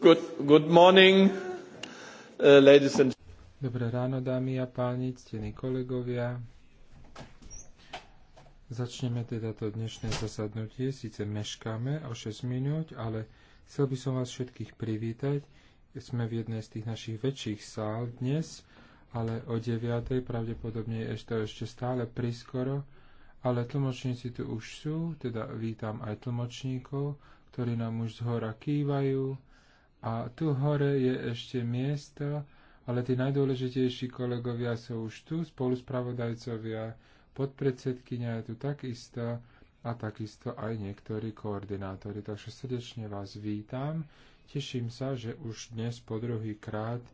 Good, good morning, uh, ladies and Dobré ráno, dámy a páni, ctení kolegovia. Začneme teda to dnešné zasadnutie. Sice meškáme o 6 minút, ale chcel by som vás všetkých privítať. Sme v jednej z tých našich väčších sál dnes, ale o 9. pravdepodobne je to ešte stále priskoro, ale tlmočníci tu už sú, teda vítam aj tlmočníkov, ktorí nám už z hora kývajú. A tu hore je ešte miesto, ale tí najdôležitejší kolegovia sú už tu, spoluspravodajcovia, podpredsedkynia je tu takisto a takisto aj niektorí koordinátori. Takže srdečne vás vítam. Teším sa, že už dnes po druhý krát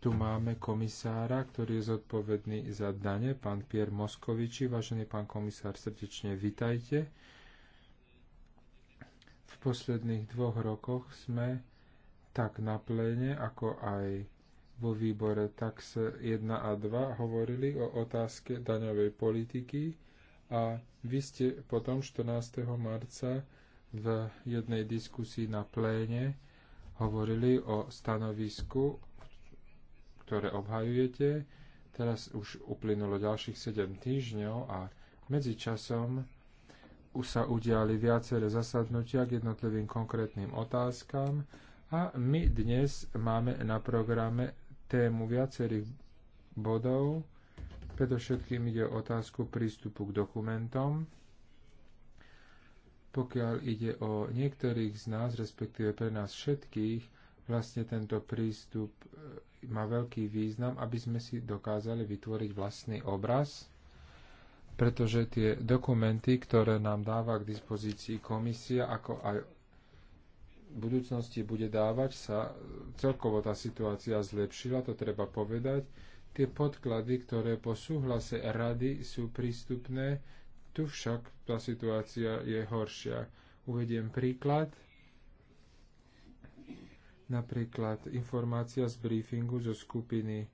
tu máme komisára, ktorý je zodpovedný za dane, pán Pier Moskoviči. Vážený pán komisár, srdečne vitajte posledných dvoch rokoch sme tak na pléne, ako aj vo výbore tax 1 a 2 hovorili o otázke daňovej politiky a vy ste potom 14. marca v jednej diskusii na pléne hovorili o stanovisku, ktoré obhajujete. Teraz už uplynulo ďalších 7 týždňov a medzičasom už sa udiali viaceré zasadnutia k jednotlivým konkrétnym otázkam a my dnes máme na programe tému viacerých bodov. Predovšetkým ide o otázku prístupu k dokumentom. Pokiaľ ide o niektorých z nás, respektíve pre nás všetkých, vlastne tento prístup e, má veľký význam, aby sme si dokázali vytvoriť vlastný obraz pretože tie dokumenty, ktoré nám dáva k dispozícii komisia, ako aj v budúcnosti bude dávať, sa celkovo tá situácia zlepšila, to treba povedať. Tie podklady, ktoré po súhlase rady sú prístupné, tu však tá situácia je horšia. Uvediem príklad. Napríklad informácia z briefingu zo skupiny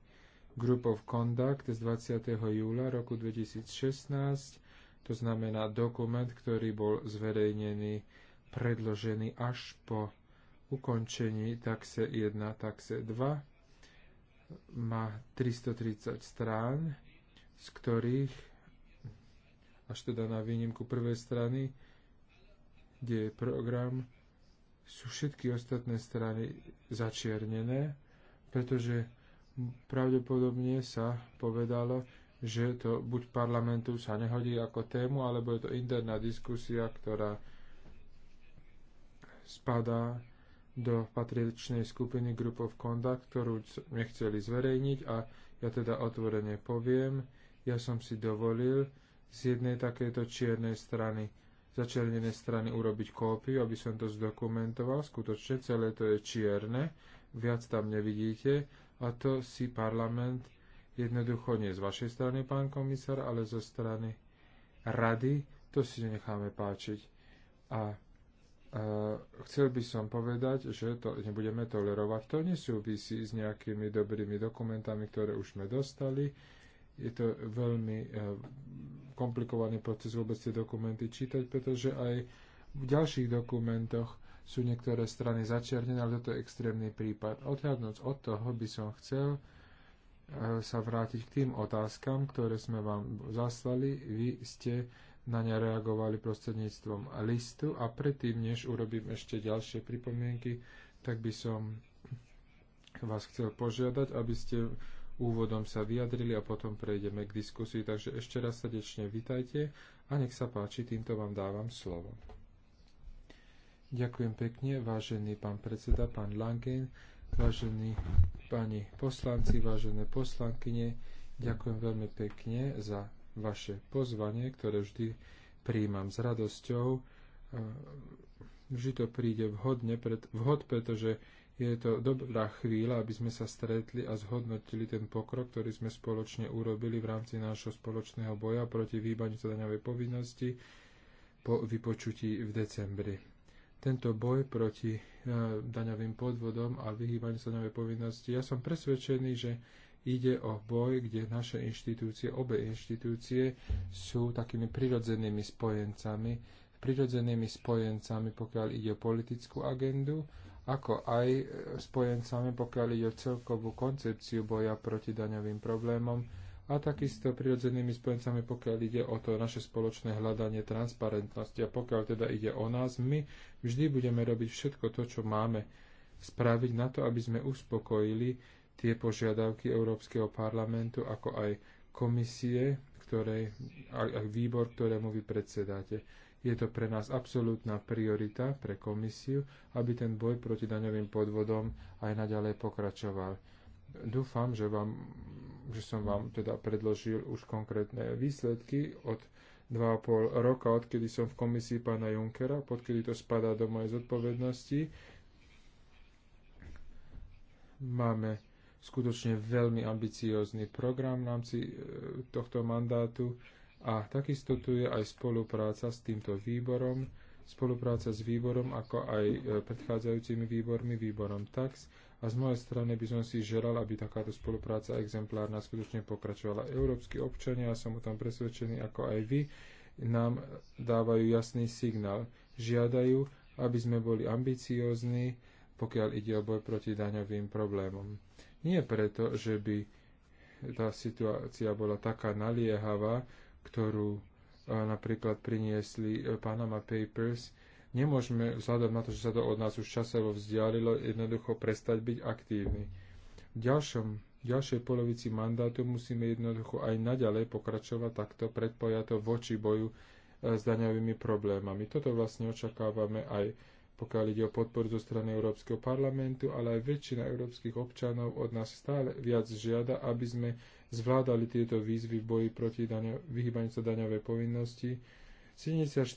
Group of Conduct z 20. júla roku 2016, to znamená dokument, ktorý bol zverejnený, predložený až po ukončení taxe 1, taxe 2. Má 330 strán, z ktorých, až teda na výnimku prvej strany, kde je program, sú všetky ostatné strany začiernené, pretože pravdepodobne sa povedalo, že to buď parlamentu sa nehodí ako tému, alebo je to interná diskusia, ktorá spadá do patričnej skupiny Group of Conduct, ktorú nechceli zverejniť a ja teda otvorene poviem, ja som si dovolil z jednej takejto čiernej strany, začernenej strany urobiť kópiu, aby som to zdokumentoval. Skutočne celé to je čierne, viac tam nevidíte a to si parlament jednoducho nie z vašej strany, pán komisár, ale zo strany rady, to si necháme páčiť. A Uh, chcel by som povedať, že to nebudeme tolerovať. To nesúvisí s nejakými dobrými dokumentami, ktoré už sme dostali. Je to veľmi uh, komplikovaný proces vôbec tie dokumenty čítať, pretože aj v ďalších dokumentoch sú niektoré strany začernené, ale toto je extrémny prípad. Odhľadnúť od toho by som chcel eh, sa vrátiť k tým otázkam, ktoré sme vám zaslali. Vy ste na ne reagovali prostredníctvom listu a predtým, než urobím ešte ďalšie pripomienky, tak by som vás chcel požiadať, aby ste úvodom sa vyjadrili a potom prejdeme k diskusii. Takže ešte raz srdečne vitajte a nech sa páči, týmto vám dávam slovo. Ďakujem pekne, vážený pán predseda, pán Langen, vážení páni poslanci, vážené poslankyne. Ďakujem veľmi pekne za vaše pozvanie, ktoré vždy príjmam s radosťou. E, vždy to príde vhodne, pred, vhod, pretože je to dobrá chvíľa, aby sme sa stretli a zhodnotili ten pokrok, ktorý sme spoločne urobili v rámci nášho spoločného boja proti výbaniu zadaňovej povinnosti po vypočutí v decembri tento boj proti eh, daňovým podvodom a vyhýbaniu sa daňovej povinnosti. Ja som presvedčený, že ide o boj, kde naše inštitúcie, obe inštitúcie sú takými prirodzenými spojencami, prirodzenými spojencami, pokiaľ ide o politickú agendu, ako aj eh, spojencami, pokiaľ ide o celkovú koncepciu boja proti daňovým problémom, a takisto prirodzenými spojencami, pokiaľ ide o to naše spoločné hľadanie transparentnosti. A pokiaľ teda ide o nás, my vždy budeme robiť všetko to, čo máme spraviť na to, aby sme uspokojili tie požiadavky Európskeho parlamentu, ako aj komisie, ktorej, a, a výbor, ktorému vy predsedáte. Je to pre nás absolútna priorita pre komisiu, aby ten boj proti daňovým podvodom aj naďalej pokračoval. Dúfam, že vám že som vám teda predložil už konkrétne výsledky od 2,5 roka, odkedy som v komisii pána Junkera, podkedy to spadá do mojej zodpovednosti. Máme skutočne veľmi ambiciózny program v rámci e, tohto mandátu a takisto tu je aj spolupráca s týmto výborom, spolupráca s výborom, ako aj e, predchádzajúcimi výbormi, výborom TAX, a z mojej strany by som si želal, aby takáto spolupráca exemplárna skutočne pokračovala. Európsky občania, ja som o tom presvedčený ako aj vy, nám dávajú jasný signál. Žiadajú, aby sme boli ambiciózni, pokiaľ ide o boj proti daňovým problémom. Nie preto, že by tá situácia bola taká naliehavá, ktorú napríklad priniesli eh, Panama Papers, nemôžeme, vzhľadať na to, že sa to od nás už časovo vzdialilo, jednoducho prestať byť aktívni. V ďalšom ďalšej polovici mandátu musíme jednoducho aj naďalej pokračovať takto predpojato voči boju e, s daňovými problémami. Toto vlastne očakávame aj pokiaľ ide o podporu zo strany Európskeho parlamentu, ale aj väčšina európskych občanov od nás stále viac žiada, aby sme zvládali tieto výzvy v boji proti daňo- vyhýbaniu sa daňovej povinnosti 74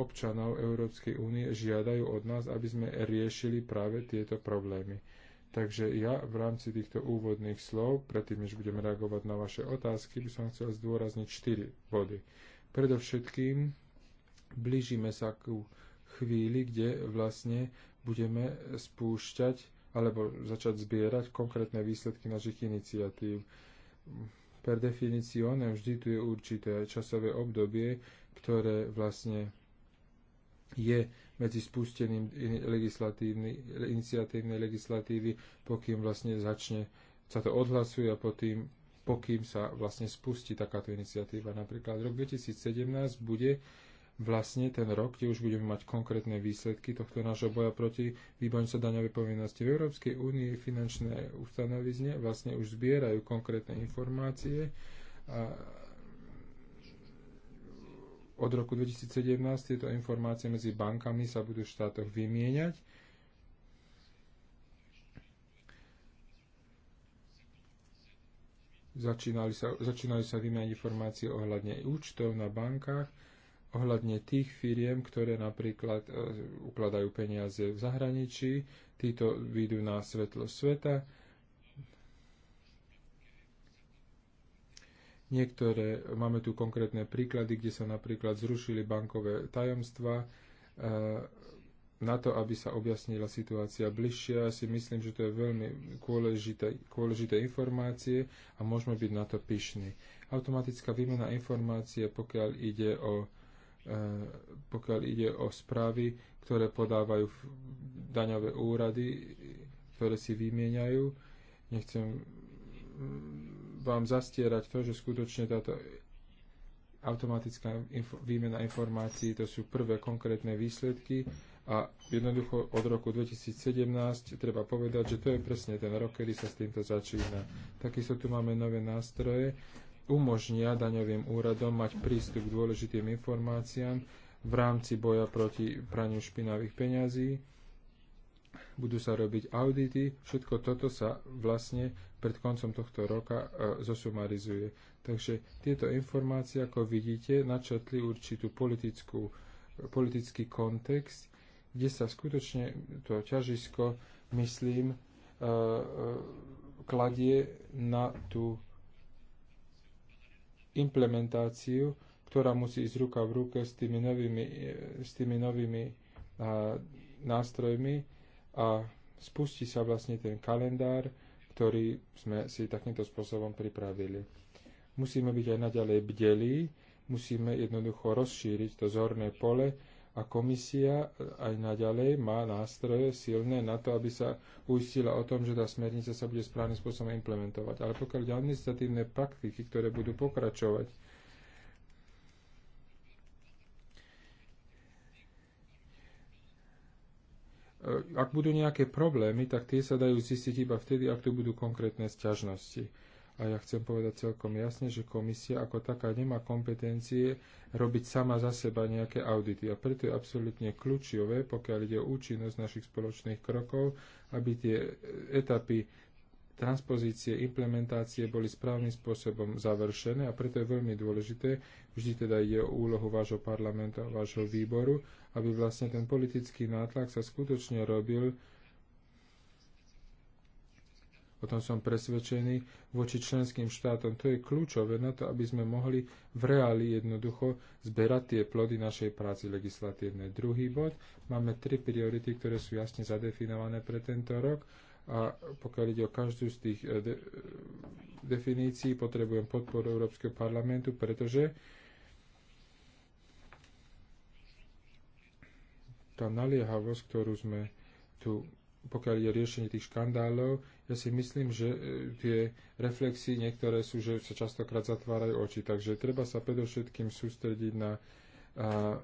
občanov Európskej únie žiadajú od nás, aby sme riešili práve tieto problémy. Takže ja v rámci týchto úvodných slov, predtým než budem reagovať na vaše otázky, by som chcel zdôrazniť 4 body. Predovšetkým blížime sa k chvíli, kde vlastne budeme spúšťať alebo začať zbierať konkrétne výsledky našich iniciatív. Per definizione vždy tu je určité časové obdobie, ktoré vlastne je medzi spustením iniciatívnej legislatívy, pokým vlastne začne, sa to odhlasuje a potým, pokým sa vlastne spustí takáto iniciatíva. Napríklad rok 2017 bude vlastne ten rok, kde už budeme mať konkrétne výsledky tohto nášho boja proti výbaniu sa daňovej povinnosti. V Európskej únii finančné ustanovizne vlastne už zbierajú konkrétne informácie a od roku 2017 tieto informácie medzi bankami sa budú v štátoch vymieňať. Začínali sa, začínajú sa vymieňať informácie ohľadne účtov na bankách, ohľadne tých firiem, ktoré napríklad e, ukladajú peniaze v zahraničí, títo výjdu na svetlo sveta Niektoré, máme tu konkrétne príklady, kde sa napríklad zrušili bankové tajomstva e, na to, aby sa objasnila situácia bližšie. Ja si myslím, že to je veľmi kôležité kôležité informácie a môžeme byť na to pyšní. Automatická výmena informácie, pokiaľ ide o e, pokiaľ ide o správy, ktoré podávajú daňové úrady, ktoré si vymieňajú. Nechcem vám zastierať to, že skutočne táto automatická info, výmena informácií, to sú prvé konkrétne výsledky a jednoducho od roku 2017 treba povedať, že to je presne ten rok, kedy sa s týmto začína. Takisto tu máme nové nástroje, umožnia daňovým úradom mať prístup k dôležitým informáciám v rámci boja proti praniu špinavých peňazí budú sa robiť audity, všetko toto sa vlastne pred koncom tohto roka e, zosumarizuje. Takže tieto informácie, ako vidíte, načetli určitú politickú, e, politický kontext, kde sa skutočne to ťažisko, myslím, e, kladie na tú implementáciu, ktorá musí ísť ruka v ruke s tými novými, s tými novými nástrojmi, a spustí sa vlastne ten kalendár, ktorý sme si takýmto spôsobom pripravili. Musíme byť aj naďalej bdelí, musíme jednoducho rozšíriť to zorné pole a komisia aj naďalej má nástroje silné na to, aby sa uistila o tom, že tá smernica sa bude správnym spôsobom implementovať. Ale pokiaľ administratívne praktiky, ktoré budú pokračovať, ak budú nejaké problémy, tak tie sa dajú zistiť iba vtedy, ak tu budú konkrétne sťažnosti. A ja chcem povedať celkom jasne, že komisia ako taká nemá kompetencie robiť sama za seba nejaké audity. A preto je absolútne kľúčové, pokiaľ ide o účinnosť našich spoločných krokov, aby tie etapy transpozície, implementácie boli správnym spôsobom završené a preto je veľmi dôležité, vždy teda ide o úlohu vášho parlamentu a vášho výboru, aby vlastne ten politický nátlak sa skutočne robil, o tom som presvedčený, voči členským štátom. To je kľúčové na to, aby sme mohli v reáli jednoducho zberať tie plody našej práci legislatívnej. Druhý bod, máme tri priority, ktoré sú jasne zadefinované pre tento rok a pokiaľ ide o každú z tých eh, de- eh, definícií, potrebujem podporu Európskeho parlamentu, pretože tá naliehavosť, ktorú sme tu, pokiaľ ide o riešenie tých škandálov, ja si myslím, že eh, tie reflexy niektoré sú, že sa častokrát zatvárajú oči, takže treba sa predovšetkým sústrediť na a,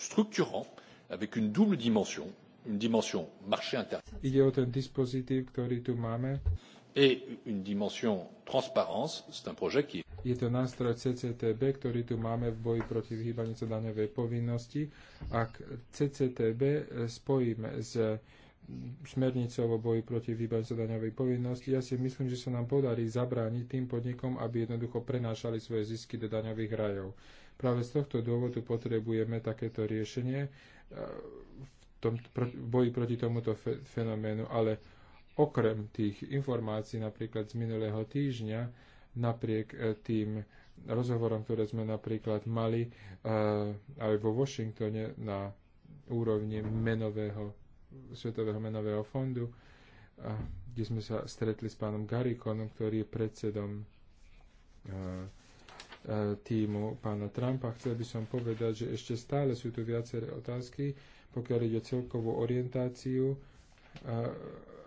structurant avec une double dimension une dimension marché intérieur. Ide o ten dispozitív, ktorý tu máme. Et une dimension transparence, c'est un projet qui je to nástroj CCTB, ktorý tu máme v boji proti vyhýbaniu sa daňovej povinnosti. Ak CCTB e, spojíme s smernicou o boji proti sa daňovej povinnosti. Ja si myslím, že sa nám podarí zabrániť tým podnikom, aby jednoducho prenášali svoje zisky do daňových rajov. Práve z tohto dôvodu potrebujeme takéto riešenie v e, tom, proti, boji proti tomuto fenoménu, ale okrem tých informácií napríklad z minulého týždňa, napriek e, tým rozhovorom, ktoré sme napríklad mali e, aj vo Washingtone na úrovni menového, Svetového menového fondu, e, kde sme sa stretli s pánom Garikonom, ktorý je predsedom týmu pána Trumpa. Chcel by som povedať, že ešte stále sú tu viaceré otázky, pokiaľ ide o celkovú orientáciu,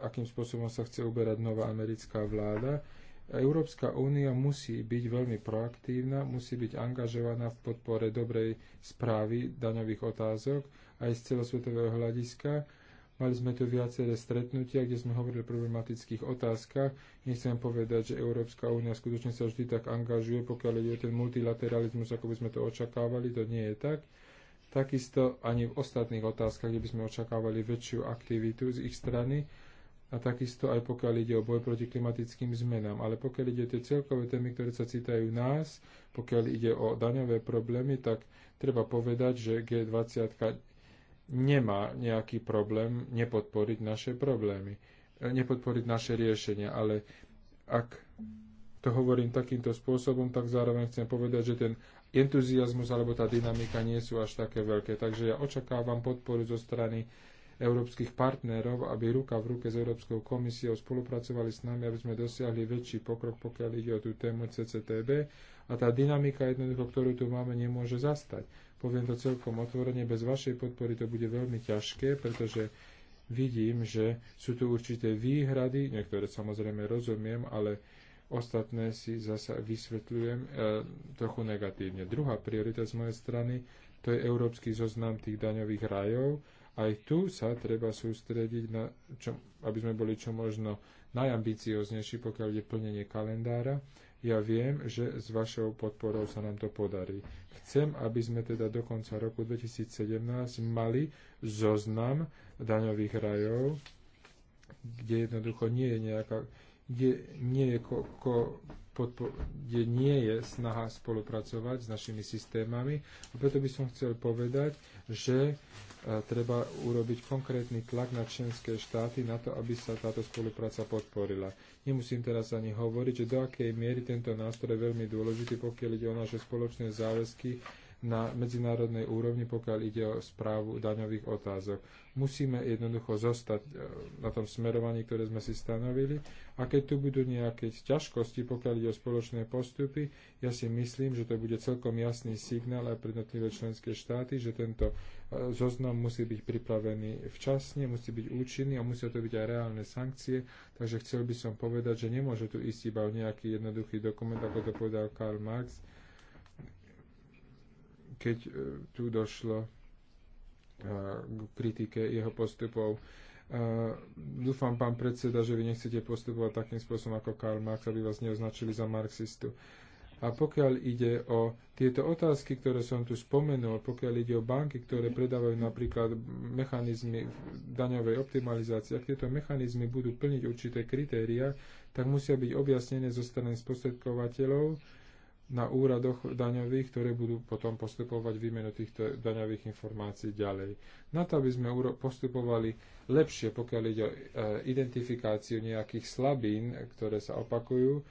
akým spôsobom sa chce uberať nová americká vláda. Európska únia musí byť veľmi proaktívna, musí byť angažovaná v podpore dobrej správy daňových otázok aj z celosvetového hľadiska. Mali sme tu viaceré stretnutia, kde sme hovorili o problematických otázkach. Nechcem povedať, že Európska únia skutočne sa vždy tak angažuje, pokiaľ ide o ten multilateralizmus, ako by sme to očakávali, to nie je tak takisto ani v ostatných otázkach, kde by sme očakávali väčšiu aktivitu z ich strany a takisto aj pokiaľ ide o boj proti klimatickým zmenám. Ale pokiaľ ide o tie celkové témy, ktoré sa citajú nás, pokiaľ ide o daňové problémy, tak treba povedať, že G20 nemá nejaký problém nepodporiť naše problémy, e, nepodporiť naše riešenia, ale ak to hovorím takýmto spôsobom, tak zároveň chcem povedať, že ten entuziasmus alebo tá dynamika nie sú až také veľké. Takže ja očakávam podporu zo strany európskych partnerov, aby ruka v ruke s Európskou komisiou spolupracovali s nami, aby sme dosiahli väčší pokrok, pokiaľ ide o tú tému CCTB. A tá dynamika jednoducho, ktorú tu máme, nemôže zastať. Poviem to celkom otvorene, bez vašej podpory to bude veľmi ťažké, pretože vidím, že sú tu určité výhrady, niektoré samozrejme rozumiem, ale Ostatné si zasa vysvetľujem e, trochu negatívne. Druhá priorita z mojej strany to je európsky zoznam tých daňových rajov. Aj tu sa treba sústrediť, na čo, aby sme boli čo možno najambicioznejší, pokiaľ je plnenie kalendára. Ja viem, že s vašou podporou sa nám to podarí. Chcem, aby sme teda do konca roku 2017 mali zoznam daňových rajov, kde jednoducho nie je nejaká kde nie je, ko, ko, podpo, kde nie je snaha spolupracovať s našimi systémami. A preto by som chcel povedať, že e, treba urobiť konkrétny tlak na členské štáty na to, aby sa táto spolupráca podporila. Nemusím teraz ani hovoriť, že do akej miery tento nástroj je veľmi dôležitý, pokiaľ ide o naše spoločné záväzky na medzinárodnej úrovni, pokiaľ ide o správu daňových otázok. Musíme jednoducho zostať e, na tom smerovaní, ktoré sme si stanovili a keď tu budú nejaké ťažkosti, pokiaľ ide o spoločné postupy, ja si myslím, že to bude celkom jasný signál aj pre jednotlivé členské štáty, že tento e, zoznam musí byť pripravený včasne, musí byť účinný a musia to byť aj reálne sankcie, takže chcel by som povedať, že nemôže tu ísť iba o nejaký jednoduchý dokument, ako to povedal Karl Marx, keď e, tu došlo e, k kritike jeho postupov. E, dúfam, pán predseda, že vy nechcete postupovať takým spôsobom ako Karl Marx, aby vás neoznačili za marxistu. A pokiaľ ide o tieto otázky, ktoré som tu spomenul, pokiaľ ide o banky, ktoré predávajú napríklad mechanizmy daňovej optimalizácie, ak tieto mechanizmy budú plniť určité kritéria, tak musia byť objasnené zo strany spostredkovateľov, na úradoch daňových, ktoré budú potom postupovať výmenu týchto daňových informácií ďalej. Na to, aby sme postupovali lepšie, pokiaľ ide o e, identifikáciu nejakých slabín, ktoré sa opakujú, e,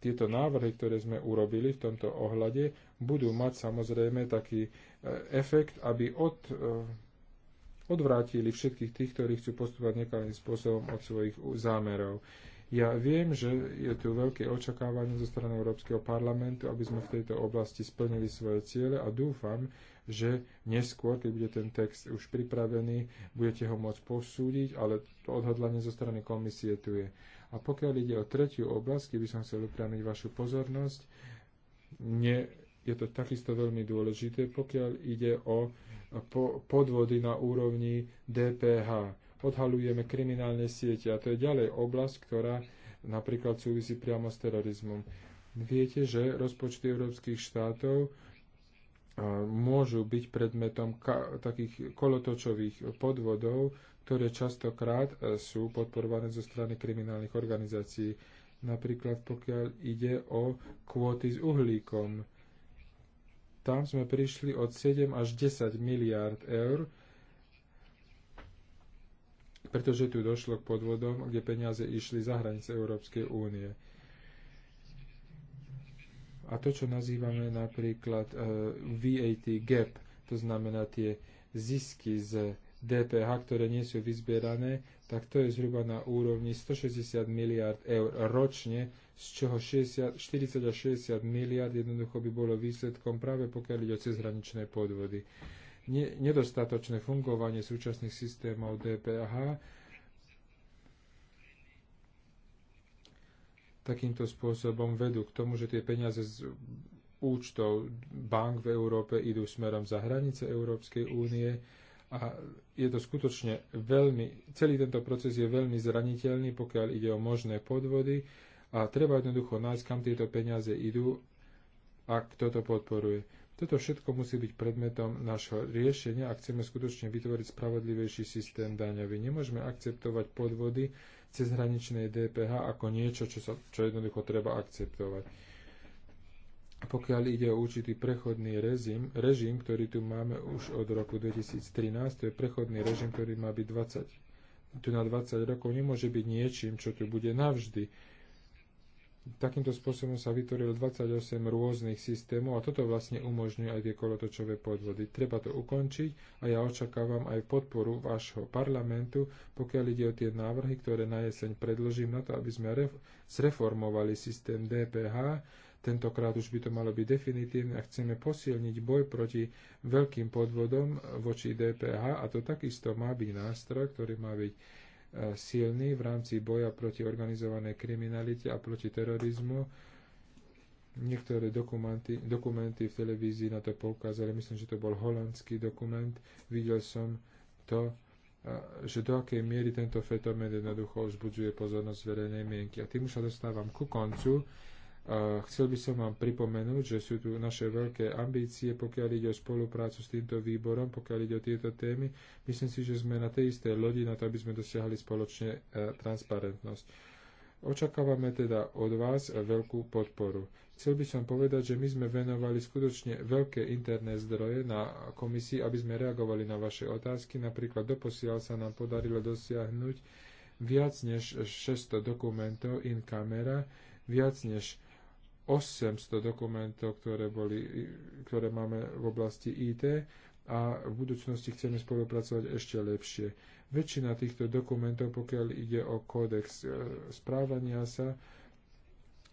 tieto návrhy, ktoré sme urobili v tomto ohľade, budú mať samozrejme taký e, efekt, aby od, odvrátili všetkých tých, ktorí chcú postupovať nekalým spôsobom od svojich zámerov. Ja viem, že je tu veľké očakávanie zo strany Európskeho parlamentu, aby sme v tejto oblasti splnili svoje ciele a dúfam, že neskôr, keď bude ten text už pripravený, budete ho môcť posúdiť, ale to odhodlanie zo strany komisie tu je. A pokiaľ ide o tretiu oblasť, keby som chcel upriamiť vašu pozornosť, nie je to takisto veľmi dôležité, pokiaľ ide o podvody na úrovni DPH odhalujeme kriminálne siete. A to je ďalej oblasť, ktorá napríklad súvisí priamo s terorizmom. Viete, že rozpočty európskych štátov môžu byť predmetom takých kolotočových podvodov, ktoré častokrát e, sú podporované zo strany kriminálnych organizácií. Napríklad pokiaľ ide o kvóty s uhlíkom. Tam sme prišli od 7 až 10 miliárd eur, pretože tu došlo k podvodom, kde peniaze išli za hranice Európskej únie. A to, čo nazývame napríklad e, VAT gap, to znamená tie zisky z DPH, ktoré nie sú vyzbierané, tak to je zhruba na úrovni 160 miliard eur ročne, z čoho 60, 40 až 60 miliard jednoducho by bolo výsledkom práve pokiaľ ide o cezhraničné podvody nedostatočné fungovanie súčasných systémov DPH takýmto spôsobom vedú k tomu, že tie peniaze z účtov bank v Európe idú smerom za hranice Európskej únie a je to skutočne veľmi, celý tento proces je veľmi zraniteľný, pokiaľ ide o možné podvody a treba jednoducho nájsť, kam tieto peniaze idú a kto to podporuje. Toto všetko musí byť predmetom nášho riešenia, ak chceme skutočne vytvoriť spravodlivejší systém daňový. Nemôžeme akceptovať podvody cez hraničné DPH ako niečo, čo, sa, čo jednoducho treba akceptovať. Pokiaľ ide o určitý prechodný režim, režim, ktorý tu máme už od roku 2013, to je prechodný režim, ktorý má byť 20, tu na 20 rokov, nemôže byť niečím, čo tu bude navždy takýmto spôsobom sa vytvorilo 28 rôznych systémov a toto vlastne umožňuje aj tie kolotočové podvody. Treba to ukončiť a ja očakávam aj podporu vášho parlamentu, pokiaľ ide o tie návrhy, ktoré na jeseň predložím na to, aby sme zreformovali systém DPH. Tentokrát už by to malo byť definitívne a chceme posilniť boj proti veľkým podvodom voči DPH a to takisto má byť nástroj, ktorý má byť Eh, silný v rámci boja proti organizovanej kriminalite a proti terorizmu. Niektoré dokumenty, dokumenty v televízii na to poukázali, myslím, že to bol holandský dokument. Videl som to, eh, že do akej miery tento fetomén jednoducho vzbudzuje pozornosť verejnej mienky. A tým už sa dostávam ku koncu. A chcel by som vám pripomenúť, že sú tu naše veľké ambície, pokiaľ ide o spoluprácu s týmto výborom, pokiaľ ide o tieto témy. Myslím si, že sme na tej istej lodi na to, aby sme dosiahli spoločne e, transparentnosť. Očakávame teda od vás veľkú podporu. Chcel by som povedať, že my sme venovali skutočne veľké interné zdroje na komisii, aby sme reagovali na vaše otázky. Napríklad doposiaľ sa nám podarilo dosiahnuť viac než 600 dokumentov in camera, viac než 800 dokumentov, ktoré, boli, ktoré máme v oblasti IT a v budúcnosti chceme spolupracovať ešte lepšie. Väčšina týchto dokumentov, pokiaľ ide o kódex e, správania sa,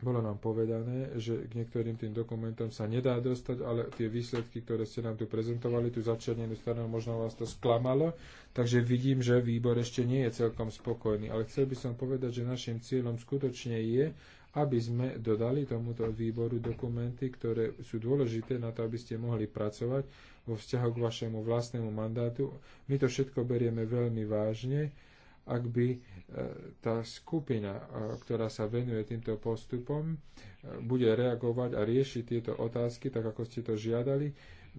bolo nám povedané, že k niektorým tým dokumentom sa nedá dostať, ale tie výsledky, ktoré ste nám tu prezentovali, tu začernenú stranu, možno vás to sklamalo, takže vidím, že výbor ešte nie je celkom spokojný. Ale chcel by som povedať, že našim cieľom skutočne je, aby sme dodali tomuto výboru dokumenty, ktoré sú dôležité na to, aby ste mohli pracovať vo vzťahu k vašemu vlastnému mandátu. My to všetko berieme veľmi vážne. Ak by e, tá skupina, e, ktorá sa venuje týmto postupom, e, bude reagovať a riešiť tieto otázky, tak ako ste to žiadali,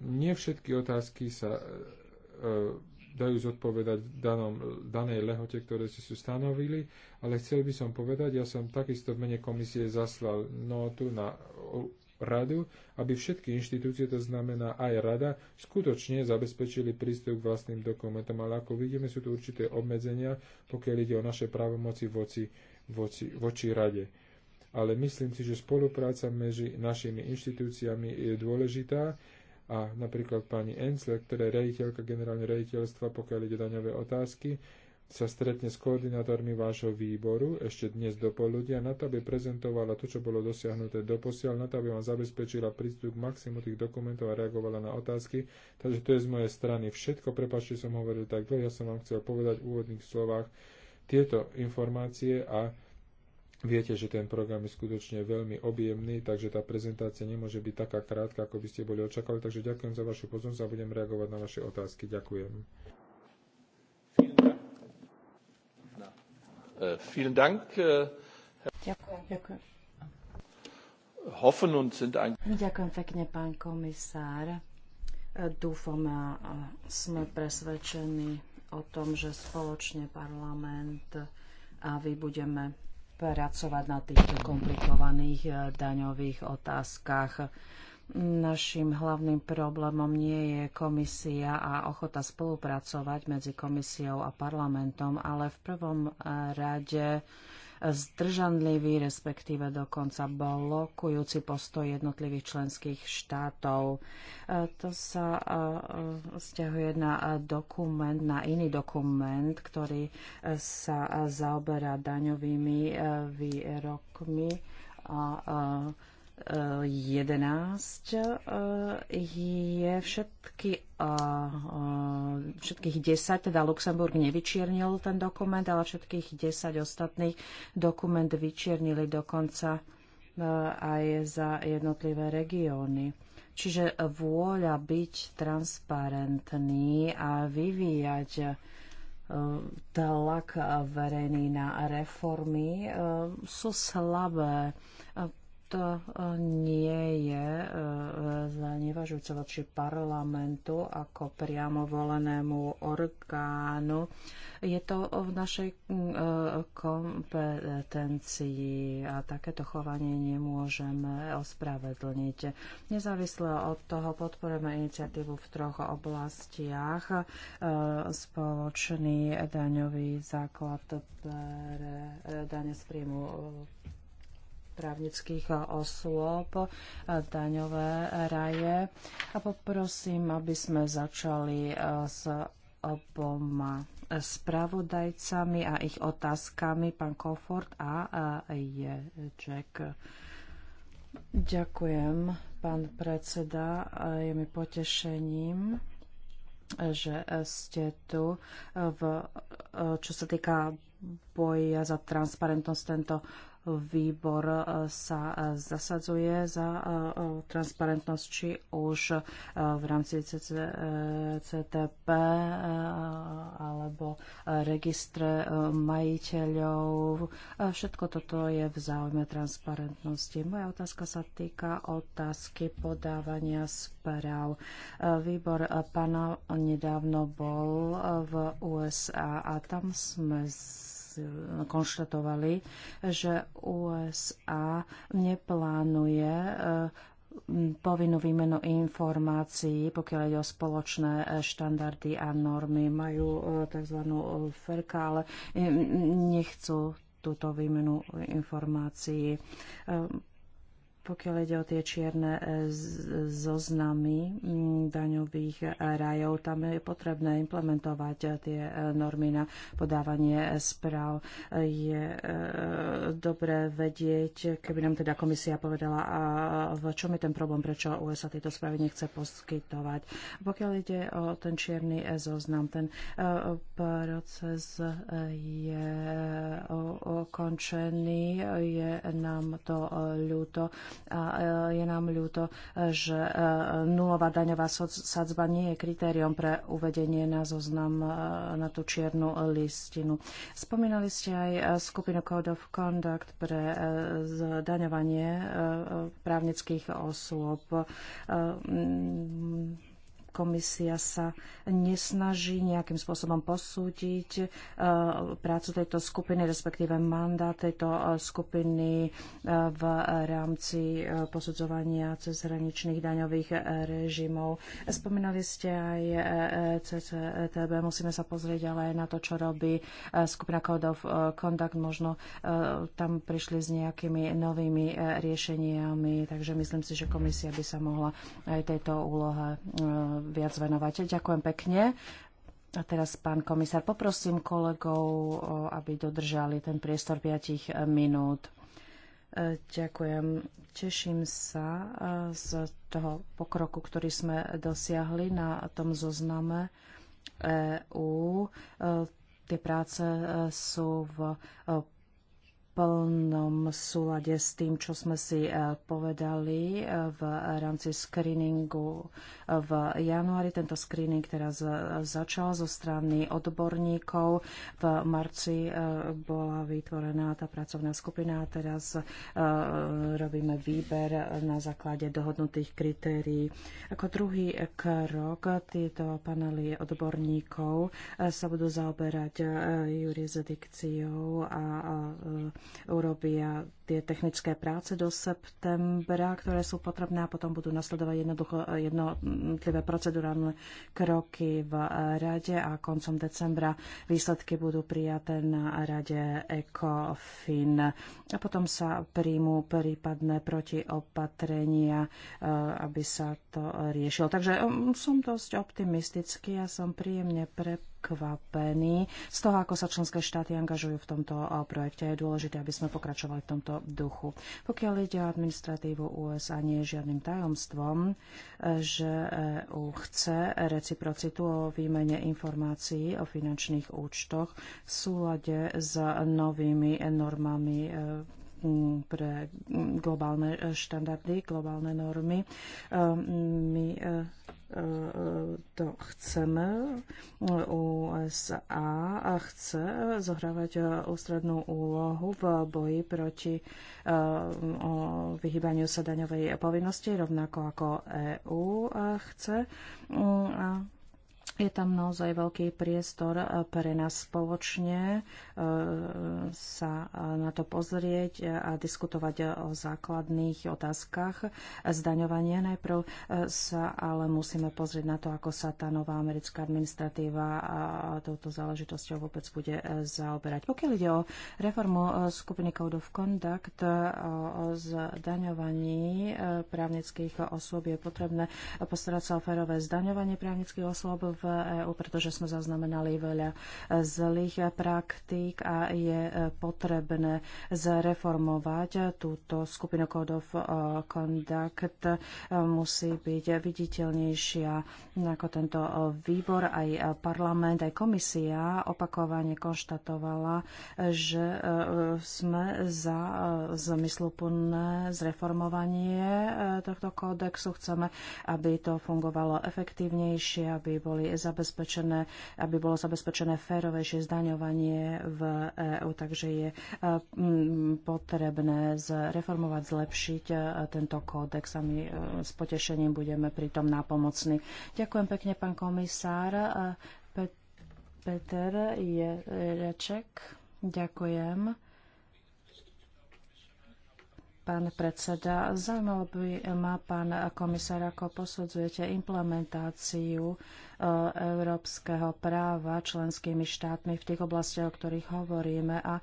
nie všetky otázky sa dajú zodpovedať danom, danej lehote, ktoré si sú stanovili, ale chcel by som povedať, ja som takisto v mene komisie zaslal notu na radu, aby všetky inštitúcie, to znamená aj rada, skutočne zabezpečili prístup k vlastným dokumentom. Ale ako vidíme, sú tu určité obmedzenia, pokiaľ ide o naše právomoci voci, voci, voči rade. Ale myslím si, že spolupráca medzi našimi inštitúciami je dôležitá a napríklad pani Ensler, ktorá je rejiteľka generálne rejiteľstva, pokiaľ ide daňové otázky, sa stretne s koordinátormi vášho výboru ešte dnes do poludia na to, aby prezentovala to, čo bolo dosiahnuté posiaľ, na to, aby vám zabezpečila prístup k maximu tých dokumentov a reagovala na otázky. Takže to je z mojej strany všetko. Prepačte, som hovoril tak dlho, ja som vám chcel povedať v úvodných slovách tieto informácie a Viete, že ten program je skutočne veľmi objemný, takže tá prezentácia nemôže byť taká krátka, ako by ste boli očakali. Takže ďakujem za vašu pozornosť a budem reagovať na vaše otázky. Ďakujem. Eh, vielen Dank. Eh, ďakujem. und sind ein... Ďakujem pekne, pán komisár. Eh, dúfam a sme presvedčení o tom, že spoločne parlament a vy budeme pracovať na týchto komplikovaných eh, daňových otázkach. Naším hlavným problémom nie je komisia a ochota spolupracovať medzi komisiou a parlamentom, ale v prvom eh, rade zdržanlivý, respektíve dokonca blokujúci postoj jednotlivých členských štátov. E, to sa e, vzťahuje na dokument, na iný dokument, ktorý e, sa zaoberá daňovými výrokmi a, a 11 eh, je všetky, eh, všetkých 10, teda Luxemburg nevyčiernil ten dokument, ale všetkých 10 ostatných dokument vyčiernili dokonca eh, aj za jednotlivé regióny. Čiže vôľa byť transparentný a vyvíjať tlak verejný na reformy sú slabé to e, nie je e, zanevažujúce voči parlamentu ako priamo volenému orgánu. Je to v našej e, kompetencii a takéto chovanie nemôžeme ospravedlniť. Nezávisle od toho podporujeme iniciatívu v troch oblastiach. Spoločný daňový základ pre dane z príjmu právnických osôb, daňové raje. A poprosím, aby sme začali e, s oboma spravodajcami a ich otázkami, pán Kofort a Ječek. Ďakujem, pán predseda. Je mi potešením že ste tu. V, e, čo sa týka boja za transparentnosť, tento výbor e, sa e, zasadzuje za e, transparentnosť, či už v rámci CTP alebo registre majiteľov. Všetko toto je v záujme transparentnosti. Moja otázka sa týka otázky podávania správ. Výbor pana nedávno bol v USA a tam sme konštatovali, že USA neplánuje eh, povinnú výmenu informácií, pokiaľ ide o spoločné eh, štandardy a normy. Majú eh, tzv. ferka, ale nechcú túto výmenu informácií pokiaľ ide o tie čierne e, zoznamy mm, daňových e, rajov, tam je potrebné implementovať e, tie normy na podávanie správ. Je dobré vedieť, keby nám teda komisia povedala, a v čom je ten problém, prečo USA tieto správy nechce poskytovať. Pokiaľ ide o ten čierny zoznam, ten proces je ukončený, je nám to ľúto. A e, je nám ľúto, e, že e, nulová daňová sadzba nie je kritériom pre uvedenie na zoznam na tú čiernu listinu. Spomínali ste aj skupinu Code of Conduct pre zdaňovanie právnických osôb komisia sa nesnaží nejakým spôsobom posúdiť eh, prácu tejto skupiny, respektíve mandát tejto eh, skupiny eh, v rámci posudzovania cezhraničných daňových režimov. Spomínali ste aj CCTB, musíme sa pozrieť ale aj na to, čo robí skupina Code of Conduct. Možno tam prišli s nejakými novými riešeniami, takže myslím si, že komisia by sa mohla aj tejto úlohe viac venovať. Ďakujem pekne. A teraz, pán komisár, poprosím kolegov, aby dodržali ten priestor 5 e, minút. E, ďakujem. Teším sa e, z toho pokroku, ktorý sme dosiahli na tom zozname EU. Tie práce sú v plnom súlade s tým, čo sme si e, povedali e, v rámci screeningu e, v januári. Tento screening teraz začal zo strany odborníkov. V marci bola vytvorená tá pracovná skupina a teraz robíme výber na základe dohodnutých kritérií. Ako druhý krok tieto panely odborníkov sa budú zaoberať jurisdikciou a a tie technické práce do septembra, ktoré sú potrebné a potom budú nasledovať jednoducho eh, jednotlivé procedurálne kroky v rade a koncom decembra výsledky budú prijaté na rade ECOFIN. A potom sa príjmú prípadné protiopatrenia, eh, aby sa to riešilo. Takže eh, som dosť optimistický a som príjemne pre z toho, ako sa členské štáty angažujú v tomto projekte. Je dôležité, aby sme pokračovali v tomto duchu. Pokiaľ ide o administratívu USA, nie je žiadnym tajomstvom, že EU chce reciprocitu o výmene informácií o finančných účtoch v súlade s novými normami e, Mm, pre mm, globálne e, štandardy, globálne normy. E, my e, to chceme. USA chce zohrávať ústrednú úlohu v boji proti vyhýbaniu sa daňovej povinnosti, rovnako ako EU chce. Mm, je tam naozaj veľký priestor eh, pre nás spoločne eh, sa eh, na to pozrieť a diskutovať o základných otázkach zdaňovania. Najprv sa ale musíme pozrieť na to, ako sa tá nová americká administratíva a touto záležitosťou vôbec bude zaoberať. Pokiaľ ide o reformu skupiny Code of Conduct o zdaňovaní právnických osôb, je potrebné postarať sa o férové zdaňovanie právnických osôb v EÚ, pretože sme zaznamenali veľa zlých praktík a je e, potrebné zreformovať túto skupinu code of e, conduct. E, musí byť viditeľnejšia ako tento výbor, aj parlament, aj komisia opakovane konštatovala, že sme za zmysluplné zreformovanie tohto kódexu. Chceme, aby to fungovalo efektívnejšie, aby boli zabezpečené, aby bolo zabezpečené férovejšie zdaňovanie v EÚ, takže je e, potrebné zreformovať, zlepšiť e, tento kódex a my e, s potešením budeme pritom nápomocní. Ďakujem pekne, pán komisár. Peter je reček. Ďakujem pán predseda. Zaujímalo by ma, pán komisár, ako posudzujete implementáciu európskeho práva členskými štátmi v tých oblastiach, o ktorých hovoríme a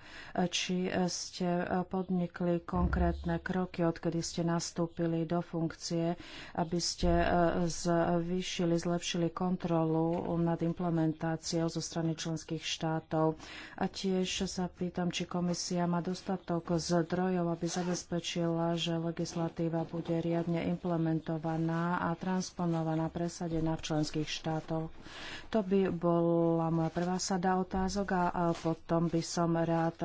či ste podnikli konkrétne kroky, odkedy ste nastúpili do funkcie, aby ste e, zvýšili, zlepšili kontrolu nad implementáciou zo strany členských štátov. A tiež sa pýtam, či komisia má dostatok zdrojov, aby zabezpečila, že legislatíva bude riadne implementovaná a transponovaná, presadená v členských štátoch štátov. To by bola moja prvá sada otázok a potom by som rád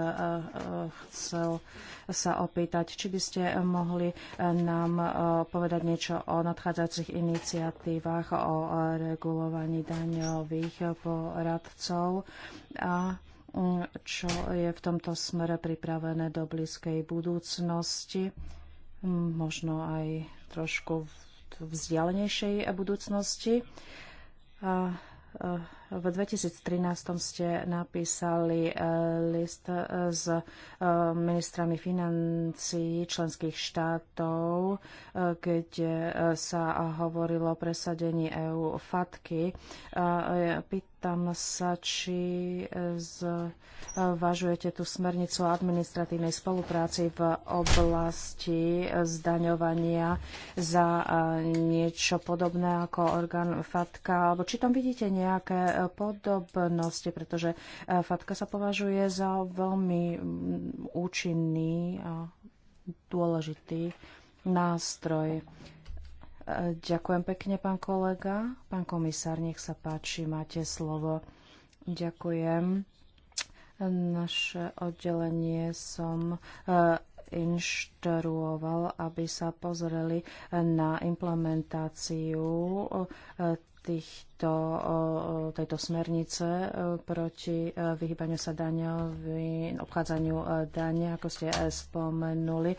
chcel sa opýtať, či by ste mohli e, nám e, povedať niečo o nadchádzajúcich iniciatívach, o e, regulovaní daňových poradcov a čo je v tomto smere pripravené do blízkej budúcnosti, možno aj trošku vzdialenejšej budúcnosti. E, v 2013 ste napísali e, list e, s ministrami financií členských štátov, keď sa hovorilo o presadení EU fatky. Tam sa, či e, zvažujete tú smernicu o administratívnej spolupráci v oblasti e, zdaňovania za e, niečo podobné ako orgán FATKA, alebo či tam vidíte nejaké podobnosti, pretože FATKA sa považuje za veľmi mm, účinný a dôležitý nástroj. Ďakujem pekne, pán kolega. Pán komisár, nech sa páči, máte slovo. Ďakujem. Naše oddelenie som e, inštruoval, aby sa pozreli na implementáciu e, týchto, tejto smernice e, proti e, vyhýbaniu sa daňovi, obchádzaniu e, dania, ako ste spomenuli.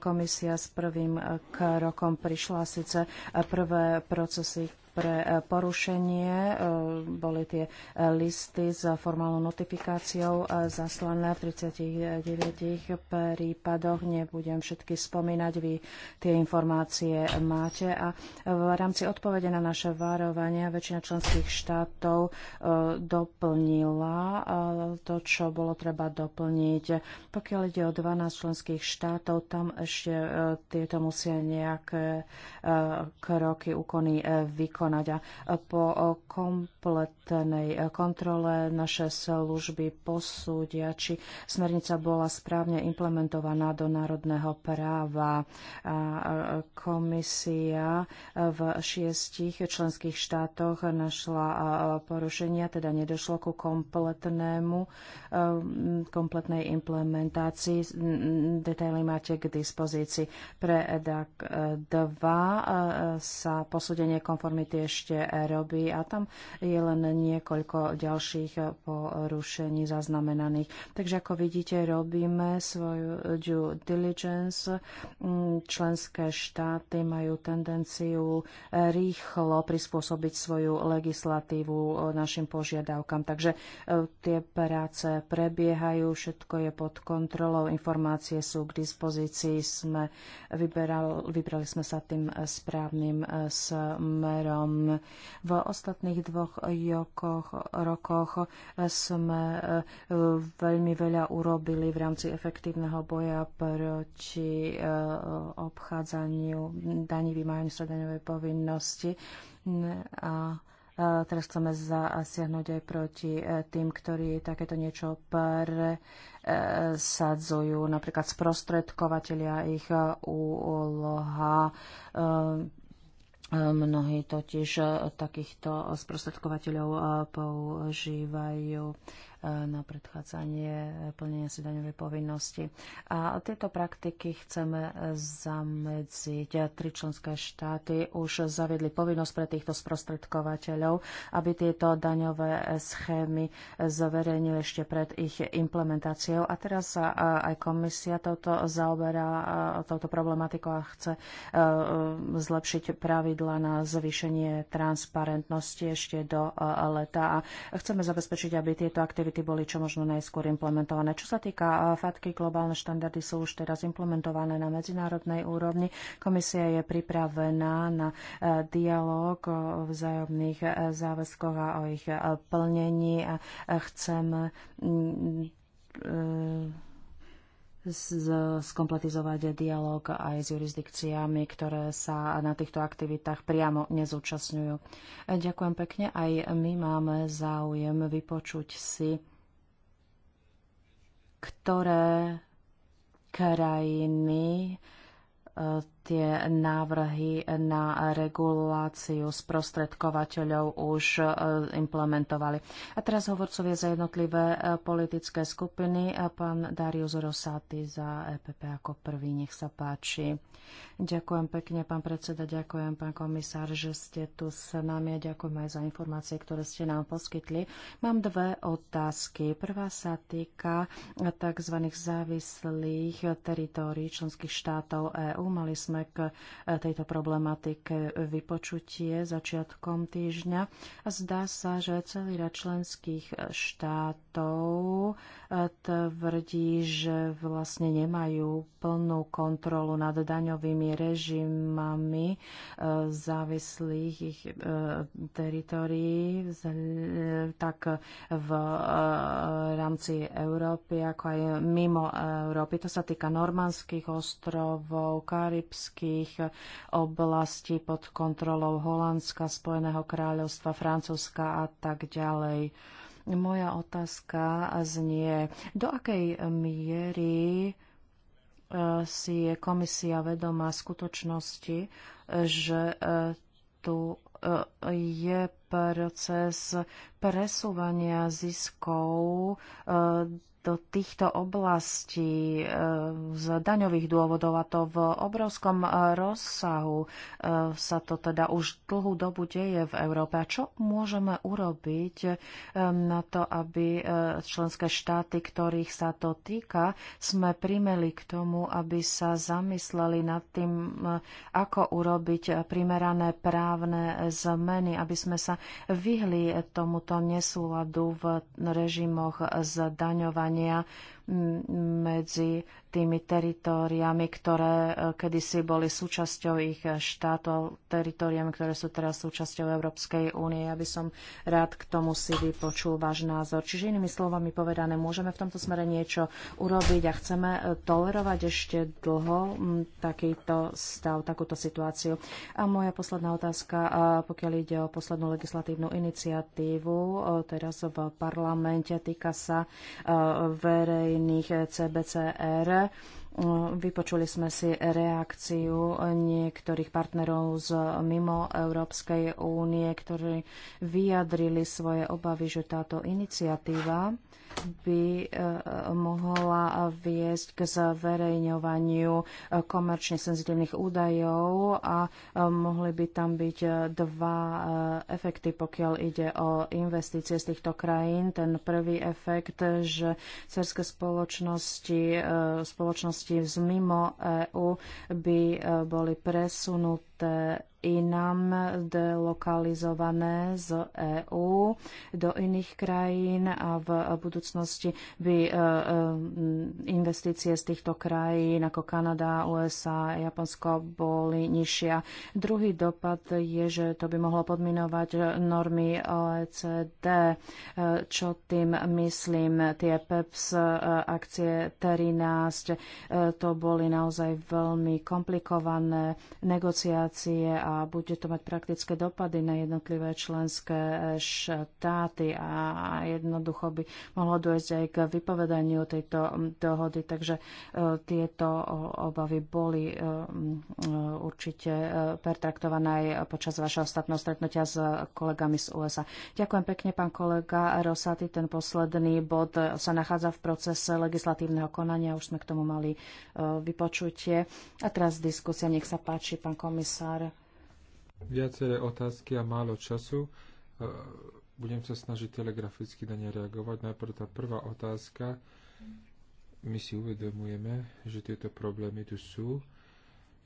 Komisia s prvým krokom prišla síce prvé procesy pre e, porušenie. E, boli tie e, listy s formálnou notifikáciou zaslané v 39 prípadoch. Nebudem všetky spomínať, vy tie informácie máte. A v rámci odpovede na naše varovania väčšina členských štátov doplnila to, čo bolo treba doplniť. Pokiaľ ide o 12 členských štátov, tam ešte tieto musia nejaké kroky, úkony vykonať vykonať. A po kompletnej kontrole naše služby posúdia, či smernica bola správne implementovaná do národného práva. A komisia v šiestich členských štátoch našla porušenia, teda nedošlo ku kompletnému, kompletnej implementácii. Detaily máte k dispozícii. Pre EDAC 2 e, e, sa posúdenie konformity aktivity ešte robí a tam je len niekoľko ďalších porušení zaznamenaných. Takže ako vidíte, robíme svoju due diligence. Mm, Členské štáty majú tendenciu rýchlo prispôsobiť svoju legislatívu e, našim požiadavkám. Takže e, tie práce prebiehajú, všetko je pod kontrolou, informácie sú k dispozícii, sme vyberali, vybrali sme sa tým správnym e, smerom cieľom. V ostatných dvoch jokoch, rokoch sme e, veľmi veľa urobili v rámci efektívneho boja proti e, obchádzaniu daní, vymáhaniu sa daňovej povinnosti. A e, teraz chceme zasiahnuť aj proti tým, ktorí takéto niečo presadzujú, napríklad sprostredkovateľia, ich úloha, Mnohí totiž eh, takýchto eh, sprostredkovateľov eh, používajú na predchádzanie plnenia si daňovej povinnosti. A tieto praktiky chceme zamedziť. Tri členské štáty už zaviedli povinnosť pre týchto sprostredkovateľov, aby tieto daňové schémy zverejnili ešte pred ich implementáciou. A teraz sa aj komisia toto zaoberá touto problematikou a chce zlepšiť pravidla na zvýšenie transparentnosti ešte do leta. A chceme zabezpečiť, aby tieto aktivity aktivity boli čo možno najskôr implementované. Čo sa týka FATKY, globálne štandardy sú už teraz implementované na medzinárodnej úrovni. Komisia je pripravená na e, dialog o vzájomných e, záväzkoch a o ich e, plnení a skompletizovať dialog aj s jurisdikciami, ktoré sa na týchto aktivitách priamo nezúčastňujú. Ďakujem pekne. Aj my máme záujem vypočuť si, ktoré krajiny e, tie návrhy na reguláciu sprostredkovateľov už e, implementovali. A teraz hovorcovia za jednotlivé e, politické skupiny. Pán Darius Rosati za EPP ako prvý, nech sa páči. Ďakujem pekne, pán predseda, ďakujem, pán komisár, že ste tu s nami a ďakujem aj za informácie, ktoré ste nám poskytli. Mám dve otázky. Prvá sa týka tzv. závislých teritórií členských štátov EÚ. Mali sme sme k e, tejto problematike vypočutie začiatkom týždňa. Zdá sa, že celý rad členských štátov e, tvrdí, že vlastne nemajú plnú kontrolu nad daňovými režimami e, závislých ich teritorií, tak v rámci Európy, ako aj mimo Európy. To sa týka normandských ostrovov, Karibs alpských oblastí pod kontrolou Holandska, Spojeného kráľovstva, Francúzska a tak ďalej. Moja otázka znie, do akej miery eh, si je komisia vedomá skutočnosti, že eh, tu eh, je proces presúvania ziskov do týchto oblastí eh, z daňových dôvodov a to v obrovskom eh, rozsahu eh, sa to teda už dlhú dobu deje v Európe. A čo môžeme urobiť na to, aby členské štáty, ktorých sa to týka, sme primeli k tomu, aby sa zamysleli nad tým, ako urobiť primerané právne zmeny, aby sme sa vyhli tomuto nesúladu v režimoch zdaňovania vzdelávania medzi tými teritóriami, ktoré e, kedysi boli súčasťou ich štátov, teritóriami, ktoré sú teraz súčasťou Európskej únie. Ja by som rád k tomu si vypočul váš názor. Čiže inými slovami povedané, môžeme v tomto smere niečo urobiť a chceme e, tolerovať ešte dlho takýto stav, takúto situáciu. A moja posledná otázka, pokiaľ ide o poslednú legislatívnu iniciatívu e, teraz v parlamente, týka sa verej verejných CBCR. Vypočuli sme si reakciu niektorých partnerov z mimo Európskej únie, ktorí vyjadrili svoje obavy, že táto iniciatíva by eh, mohla viesť k zverejňovaniu eh, komerčne senzitívnych údajov a eh, mohli by tam byť dva efekty, pokiaľ ide o investície z týchto krajín. Ten prvý efekt, že cerské spoločnosti, spoločnosti z mimo EU by boli presunuté inam delokalizované z EÚ do iných krajín a v budúcnosti by e, e, investície z týchto krajín ako Kanada, USA, Japonsko boli nižšia. Druhý dopad je, že to by mohlo podminovať normy OECD. E, čo tým myslím? Tie PEPS akcie 13 to boli naozaj veľmi komplikované negociácie a a bude to mať praktické dopady na jednotlivé členské štáty a jednoducho by mohlo dojsť aj k vypovedaniu tejto dohody. Takže e, tieto obavy boli e, určite e, pertraktované aj počas vašeho ostatného stretnutia s kolegami z USA. Ďakujem pekne, pán kolega Rosaty. Ten posledný bod sa nachádza v procese legislatívneho konania. Už sme k tomu mali vypočutie. A teraz diskusia. Nech sa páči, pán komisár. Viaceré otázky a málo času. E, budem sa snažiť telegraficky na ne reagovať. Najprv tá prvá otázka. My si uvedomujeme, že tieto problémy tu sú.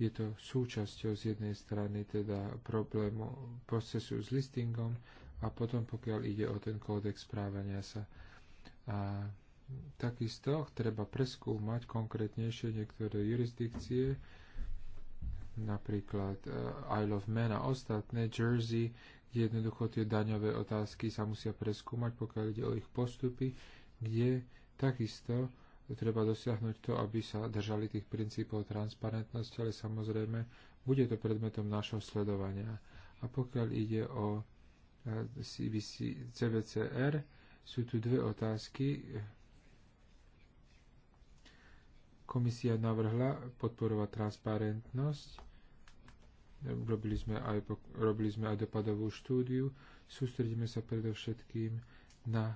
Je to súčasťou z jednej strany teda problému procesu s listingom a potom pokiaľ ide o ten kódex správania sa. A takisto treba preskúmať konkrétnejšie niektoré jurisdikcie, napríklad e, Isle of Man a ostatné, Jersey, kde jednoducho tie daňové otázky sa musia preskúmať, pokiaľ ide o ich postupy, kde takisto treba dosiahnuť to, aby sa držali tých princípov transparentnosti, ale samozrejme bude to predmetom našho sledovania. A pokiaľ ide o e, CBC, CBCR, sú tu dve otázky. Komisia navrhla podporovať transparentnosť robili sme aj, robili sme aj dopadovú štúdiu, sústredíme sa predovšetkým na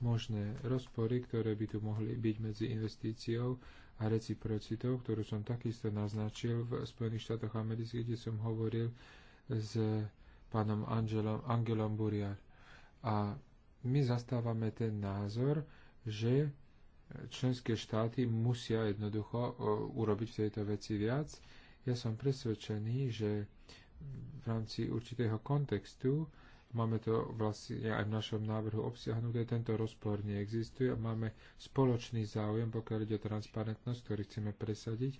možné rozpory, ktoré by tu mohli byť medzi investíciou a reciprocitou, ktorú som takisto naznačil v Spojených štátoch amerických, kde som hovoril s pánom Angelom, Angelom Burial. A my zastávame ten názor, že členské štáty musia jednoducho e, urobiť v tejto veci viac ja som presvedčený, že v rámci určitého kontextu máme to vlastne aj v našom návrhu obsiahnuté, tento rozpor neexistuje a máme spoločný záujem, pokiaľ ide o transparentnosť, ktorý chceme presadiť,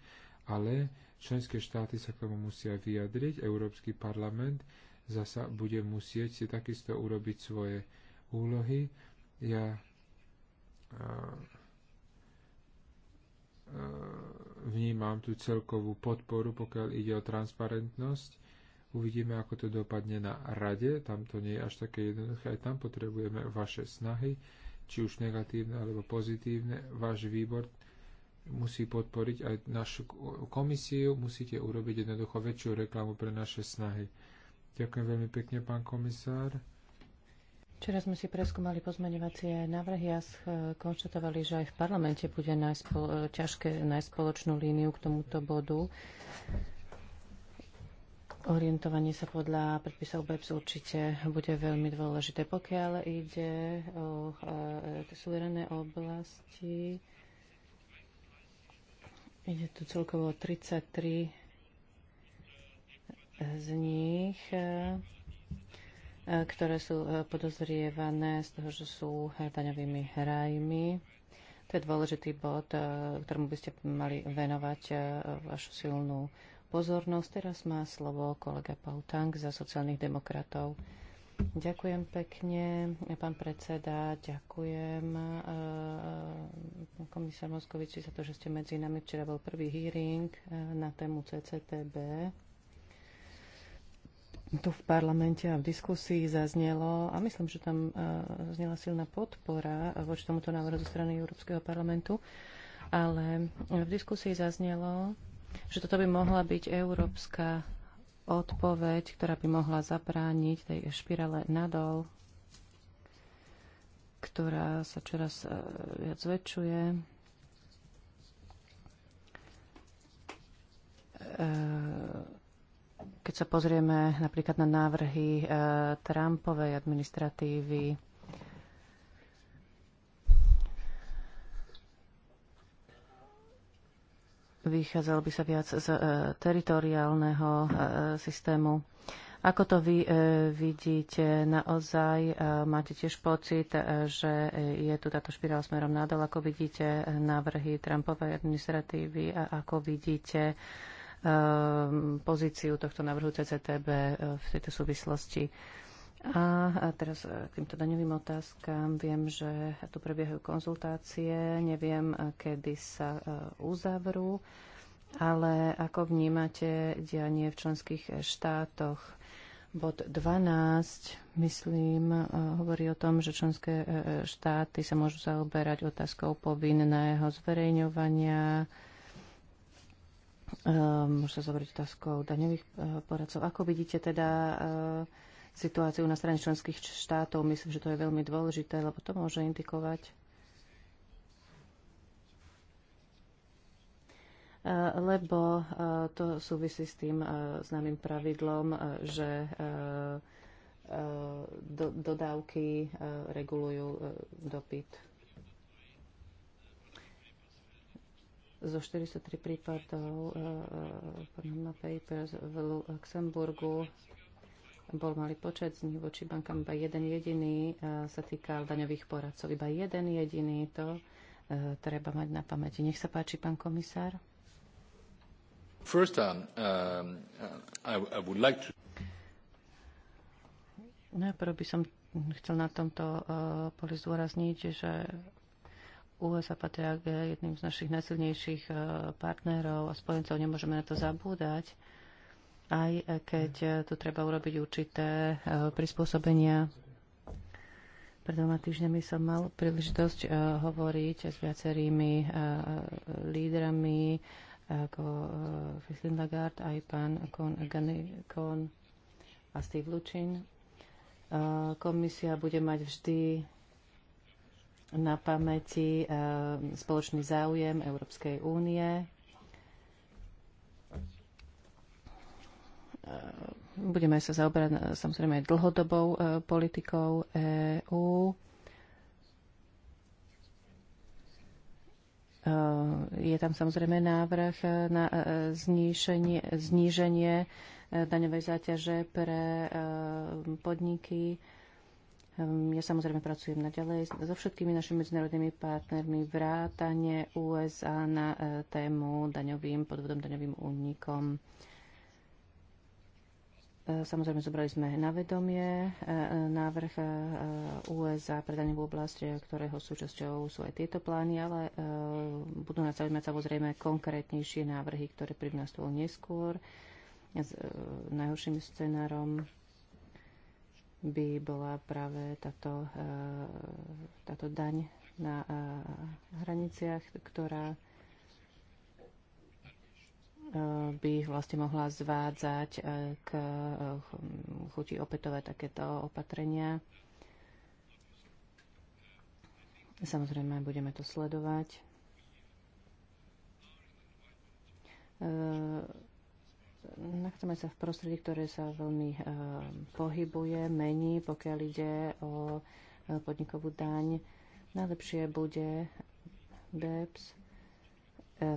ale členské štáty sa k tomu musia vyjadriť, Európsky parlament zasa bude musieť si takisto urobiť svoje úlohy. Ja a, a, vnímam tú celkovú podporu, pokiaľ ide o transparentnosť. Uvidíme, ako to dopadne na rade, tam to nie je až také jednoduché, aj tam potrebujeme vaše snahy, či už negatívne alebo pozitívne. Váš výbor musí podporiť aj našu komisiu, musíte urobiť jednoducho väčšiu reklamu pre naše snahy. Ďakujem veľmi pekne, pán komisár. Včera sme si preskúmali pozmeňovacie návrhy a konštatovali, že aj v parlamente bude najspo- ťažké nájsť spoločnú líniu k tomuto bodu. Orientovanie sa podľa predpisov BEPS určite bude veľmi dôležité. Pokiaľ ide o e, e suverené oblasti, ide tu celkovo 33 z nich. E, E, ktoré sú e, podozrievané z toho, že sú daňovými rajmi. To je dôležitý bod, e, ktorému by ste mali venovať vašu silnú pozornosť. Teraz má slovo kolega Tank za sociálnych demokratov. Ďakujem pekne, pán predseda, ďakujem komisár Moskovici za to, že ste medzi nami. Včera bol prvý hearing na tému CCTB tu v parlamente a v diskusii zaznelo, a myslím, že tam e, zaznela silná podpora voči tomuto návrhu zo strany Európskeho parlamentu, ale v diskusii zaznelo, že toto by mohla byť európska odpoveď, ktorá by mohla zabrániť tej špirale nadol, ktorá sa čoraz e, viac zväčšuje. Uh, e, keď sa pozrieme napríklad na návrhy e, Trumpovej administratívy, vychádzalo by sa viac z e, teritoriálneho e, systému. Ako to vy vidíte? Naozaj máte tiež pocit, že je tu táto špirála smerom nadol? Ako vidíte návrhy Trumpovej administratívy a ako vidíte Ehm, pozíciu tohto návrhu CCTB e, v tejto súvislosti. A teraz e, k týmto daňovým otázkam. Viem, že tu prebiehajú konzultácie, neviem, e, kedy sa uzavrú, ale ako vnímate dianie v členských štátoch? Bod 12, myslím, hovorí o tom, že členské štáty sa môžu zaoberať otázkou povinného zverejňovania Ehm, môže sa zobrať otázkou daňových eh, poradcov. Ako vidíte teda eh, situáciu na strane členských štátov? Myslím, že to je veľmi dôležité, lebo to môže indikovať eh, lebo to súvisí s tým známym pravidlom, že dodávky regulujú dopyt. zo 43 prípadov eh, eh, Panama Papers v Luxemburgu bol malý počet z nich voči bankám, iba jeden jediný eh, sa týkal daňových poradcov. Iba jeden jediný to treba mať na pamäti. Nech sa páči, pán komisár. First, um, uh, I, I would like to... Najprv by som chcel na tomto poli zdôrazniť, že USA patria k jedným z našich najsilnejších e, partnerov a spojencov. Nemôžeme na to zabúdať, aj e, keď e, tu treba urobiť určité prispôsobenia. Pred dvoma týždňami som mal príležitosť hovoriť s viacerými lídrami ako Christine Lagarde, aj pán Kohn a Steve Lučin. Komisia bude mať vždy na pamäti eh, spoločný záujem Európskej únie. Eh, budeme sa zaoberať eh, samozrejme aj dlhodobou politikou EÚ. Je tam samozrejme návrh na zníženie, zníženie daňovej záťaže pre podniky Ehm, ja samozrejme pracujem naďalej so všetkými našimi medzinárodnými partnermi vrátane USA na e, tému daňovým podvodom, daňovým únikom. E, samozrejme, zobrali sme na vedomie e, návrh USA pre v oblasti, ktorého súčasťou sú aj tieto plány, ale budú nás zaujímať samozrejme konkrétnejšie návrhy, ktoré privnastú neskôr s najhorším scenárom by bola práve táto, e, táto daň na e, hraniciach, ktorá e, by vlastne mohla zvádzať k chuti opätovať takéto opatrenia. Samozrejme, budeme to sledovať nachádzame sa v prostredí, ktoré sa veľmi eh, pohybuje, mení, pokiaľ ide o eh, podnikovú daň. Najlepšie bude BEPS eh,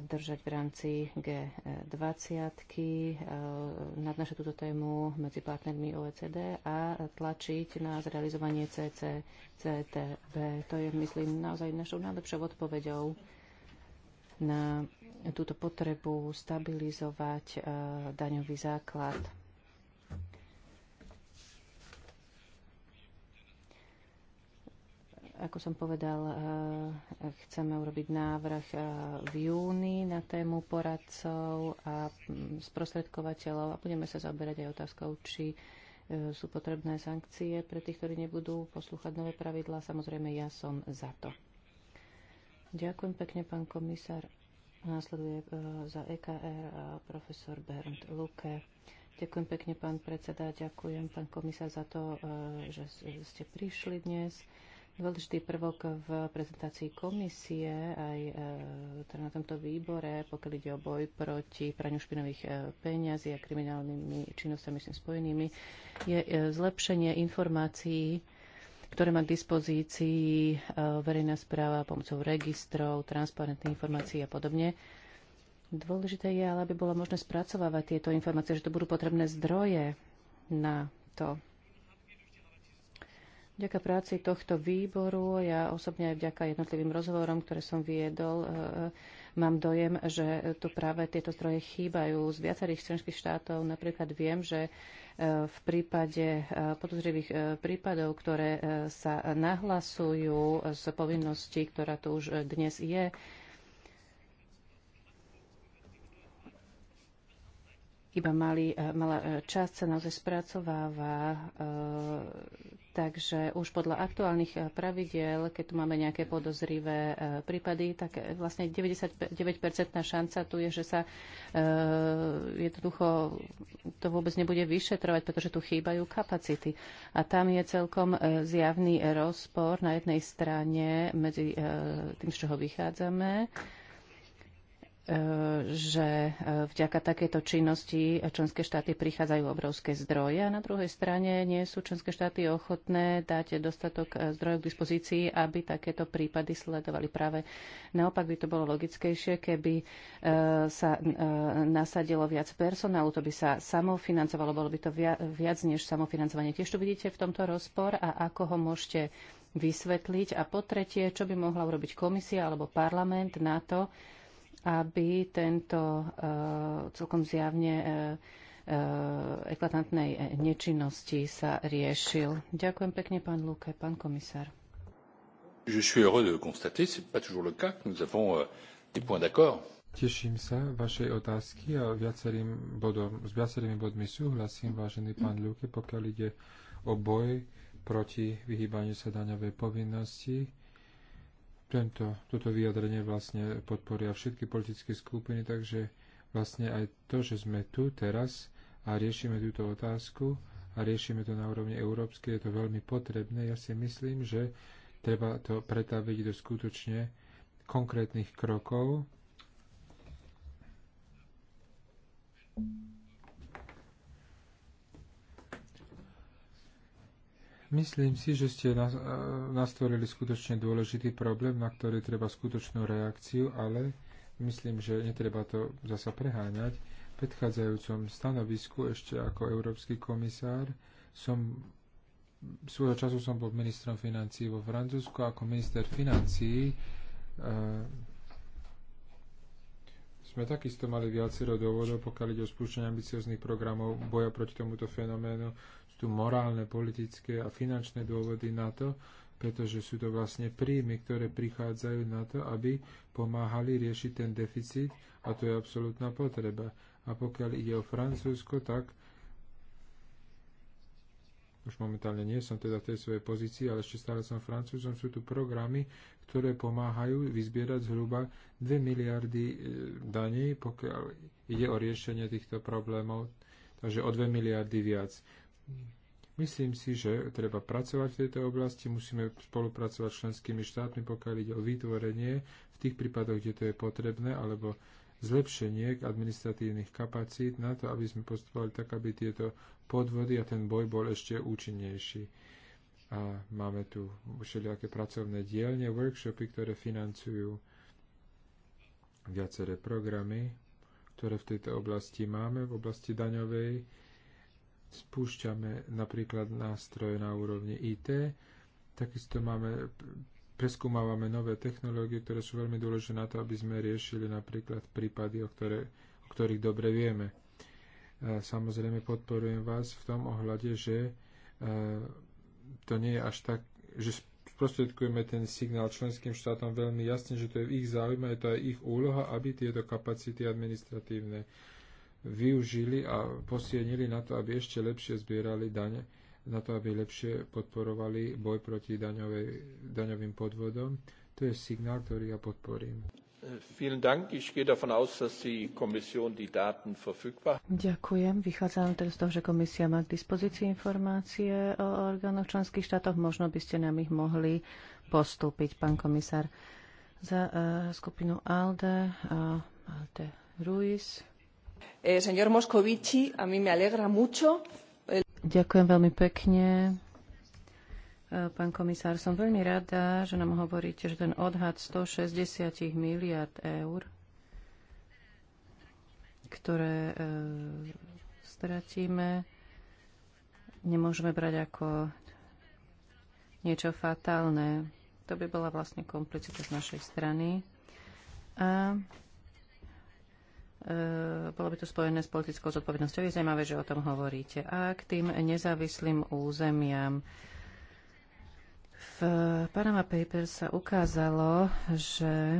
držať v rámci G20, nadnášať túto tému medzi partnermi OECD a tlačiť na zrealizovanie CCCTB. To je, myslím, naozaj našou najlepšou odpoveďou na túto potrebu stabilizovať e, daňový základ. Ako som povedal, e, chceme urobiť návrh e, v júni na tému poradcov a mm, sprostredkovateľov a budeme sa zaoberať aj otázkou, či sú potrebné sankcie pre tých, ktorí nebudú poslúchať nové pravidlá. Samozrejme, ja som za to. Ďakujem pekne, pán komisár. Následuje e, za EKR profesor Bernd Luke. Ďakujem pekne, pán predseda, ďakujem, pán komisár, za to, e, že ste prišli dnes. Dôležitý prvok v prezentácii komisie aj e, teda na tomto výbore, pokiaľ ide o boj proti praniu špinových peňazí a kriminálnymi činnosťami s tým spojenými, je zlepšenie informácií ktoré má k dispozícii eh, verejná správa pomocou registrov, transparentných informácií a podobne. Dôležité je ale, aby bolo možné spracovávať tieto informácie, že to budú potrebné zdroje na to. Vďaka práci tohto výboru, ja osobne aj vďaka jednotlivým rozhovorom, ktoré som viedol, eh, eh, mám dojem, že tu práve tieto zdroje chýbajú z viacerých členských štátov. Napríklad viem, že v prípade e, podozrivých e, prípadov, ktoré e, sa nahlasujú z povinností, ktorá tu už dnes je, iba malý, e, malá e, časť sa naozaj spracováva. E, takže už podľa aktuálnych pravidiel, keď tu máme nejaké podozrivé prípady, tak vlastne 99% šanca tu je, že sa jednoducho to vôbec nebude vyšetrovať, pretože tu chýbajú kapacity. A tam je celkom zjavný rozpor na jednej strane medzi tým, z čoho vychádzame že e, vďaka takejto činnosti členské štáty prichádzajú obrovské zdroje a na druhej strane nie sú členské štáty ochotné dať dostatok e, zdrojov k dispozícii, aby takéto prípady sledovali. Práve naopak by to bolo logickejšie, keby e, sa nasadilo viac personálu, to by sa samofinancovalo, bolo by to viac než samofinancovanie. Tiež tu vidíte v tomto rozpor a ako ho môžete vysvetliť. A po tretie, čo by mohla urobiť komisia alebo parlament na to, aby tento uh, celkom zjavne uh, uh, eklatantnej nečinnosti sa riešil. Ďakujem pekne, pán Luke, pán komisár. Je suis heureux de constater, c'est pas toujours le cas, que nous avons euh, des points d'accord. Teším sa vašej otázky a viacerým bodom, s viacerými bodmi súhlasím, vážený pán Luke, pokiaľ ide o boj proti vyhýbaniu sa daňovej povinnosti tento, toto vyjadrenie vlastne podporia všetky politické skupiny, takže vlastne aj to, že sme tu teraz a riešime túto otázku a riešime to na úrovni európskej, je to veľmi potrebné. Ja si myslím, že treba to pretaviť do skutočne konkrétnych krokov, Myslím si, že ste e, nastvorili skutočne dôležitý problém, na ktorý treba skutočnú reakciu, ale myslím, že netreba to zasa preháňať. V predchádzajúcom stanovisku ešte ako európsky komisár som svojho času som bol ministrom financií vo Francúzsku ako minister financií e, sme takisto mali viacero dôvodov, pokiaľ ide o spúšťanie ambicióznych programov boja proti tomuto fenoménu tu morálne, politické a finančné dôvody na to, pretože sú to vlastne príjmy, ktoré prichádzajú na to, aby pomáhali riešiť ten deficit a to je absolútna potreba. A pokiaľ ide o Francúzsko, tak už momentálne nie som teda v tej svojej pozícii, ale ešte stále som francúzom, sú tu programy, ktoré pomáhajú vyzbierať zhruba 2 miliardy e, daní, pokiaľ ide o riešenie týchto problémov, takže o 2 miliardy viac. Myslím si, že treba pracovať v tejto oblasti, musíme spolupracovať s členskými štátmi, pokiaľ ide o vytvorenie v tých prípadoch, kde to je potrebné, alebo zlepšenie administratívnych kapacít na to, aby sme postupovali tak, aby tieto podvody a ten boj bol ešte účinnejší. A máme tu všelijaké pracovné dielne, workshopy, ktoré financujú viaceré programy, ktoré v tejto oblasti máme, v oblasti daňovej, Spúšťame napríklad nástroje na úrovni IT, takisto máme, preskúmávame nové technológie, ktoré sú veľmi dôležité na to, aby sme riešili napríklad prípady, o, ktoré, o ktorých dobre vieme. Samozrejme podporujem vás v tom ohľade, že e, to nie je až tak, že sprostredkujeme ten signál členským štátom veľmi jasne, že to je v ich záujme, je to aj ich úloha, aby tieto kapacity administratívne využili a posienili na to, aby ešte lepšie zbierali dane, na to, aby lepšie podporovali boj proti daňovej, daňovým podvodom. To je signál, ktorý ja podporím. Ďakujem. Vychádzam teraz z toho, že komisia má k dispozícii informácie o orgánoch členských štátoch. Možno by ste nám ich mohli postúpiť, pán komisár. Za uh, skupinu ALDE, uh, eh, ALDE Ruiz. Eh, Ďakujem veľmi pekne. Eh, pán komisár, som veľmi rada, že nám hovoríte, že ten odhad 160 miliard eur, ktoré e, stratíme, nemôžeme brať ako niečo fatálne. To by bola vlastne komplicita z našej strany. A E, bolo by to spojené s politickou zodpovednosťou. Je zaujímavé, že o tom hovoríte. A k tým nezávislým územiam. V Panama Papers sa ukázalo, že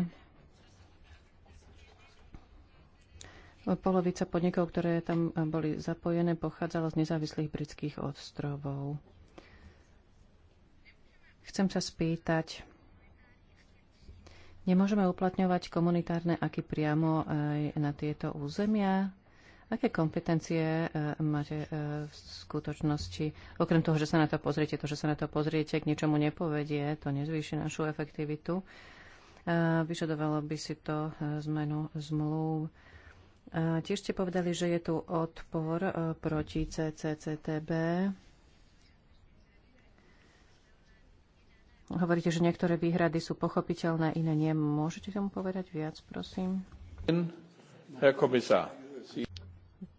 polovica podnikov, ktoré tam boli zapojené, pochádzalo z nezávislých britských ostrovov. Chcem sa spýtať, Nemôžeme uplatňovať komunitárne aky priamo aj na tieto územia? Aké kompetencie e, máte e, v skutočnosti? Okrem toho, že sa na to pozriete, to, že sa na to pozriete, k ničomu nepovedie, to nezvýši našu efektivitu. E, vyžadovalo by si to zmenu zmluv. Tiež ste povedali, že je tu odpor proti CCCTB. Hovoríte, že niektoré výhrady sú pochopiteľné, iné nie. Môžete tomu povedať viac, prosím?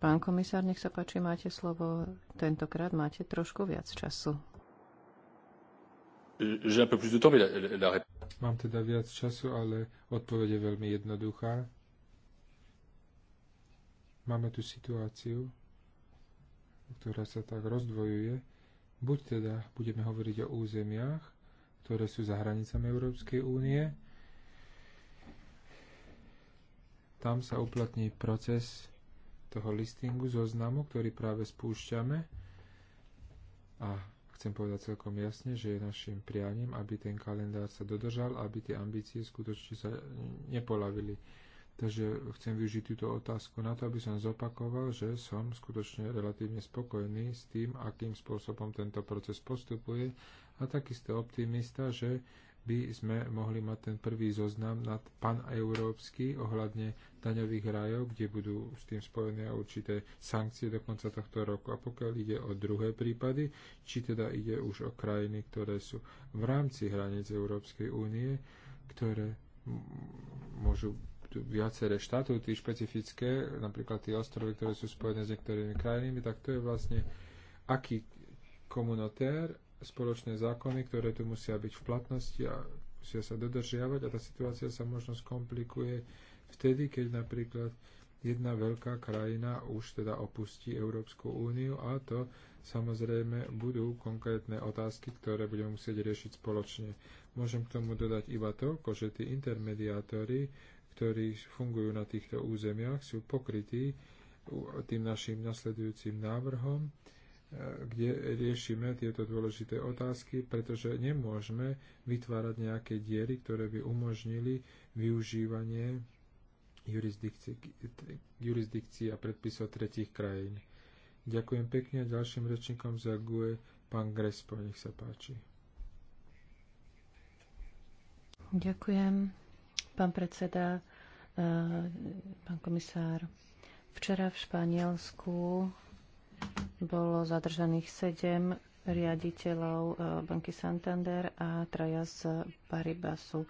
Pán komisár, nech sa páči, máte slovo. Tentokrát máte trošku viac času. Mám teda viac času, ale odpoveď je veľmi jednoduchá. Máme tu situáciu, ktorá sa tak rozdvojuje. Buď teda budeme hovoriť o územiach, ktoré sú za hranicami Európskej únie. Tam sa uplatní proces toho listingu, zoznamu, ktorý práve spúšťame. A chcem povedať celkom jasne, že je našim prianím, aby ten kalendár sa dodržal, aby tie ambície skutočne sa nepolavili. Takže chcem využiť túto otázku na to, aby som zopakoval, že som skutočne relatívne spokojný s tým, akým spôsobom tento proces postupuje a takisto optimista, že by sme mohli mať ten prvý zoznam nad paneurópsky ohľadne daňových rajov, kde budú s tým spojené určité sankcie do konca tohto roku. A pokiaľ ide o druhé prípady, či teda ide už o krajiny, ktoré sú v rámci hranic Európskej únie, ktoré môžu viaceré tie špecifické, napríklad tie ostrovy, ktoré sú spojené s niektorými krajinami, tak to je vlastne aký komunotér spoločné zákony, ktoré tu musia byť v platnosti a musia sa dodržiavať a tá situácia sa možno skomplikuje vtedy, keď napríklad jedna veľká krajina už teda opustí Európsku úniu a to samozrejme budú konkrétne otázky, ktoré budeme musieť riešiť spoločne. Môžem k tomu dodať iba toľko, že tí intermediátori, ktorí fungujú na týchto územiach, sú pokrytí tým našim nasledujúcim návrhom kde riešime tieto dôležité otázky, pretože nemôžeme vytvárať nejaké diery, ktoré by umožnili využívanie jurisdikcie, jurisdikcie a predpisov tretich krajín. Ďakujem pekne a ďalším rečníkom za GUE, pán Grespo, nech sa páči. Ďakujem, pán predseda, eh, pán komisár. Včera v Španielsku bolo zadržaných sedem riaditeľov e, banky Santander a traja z Paribasu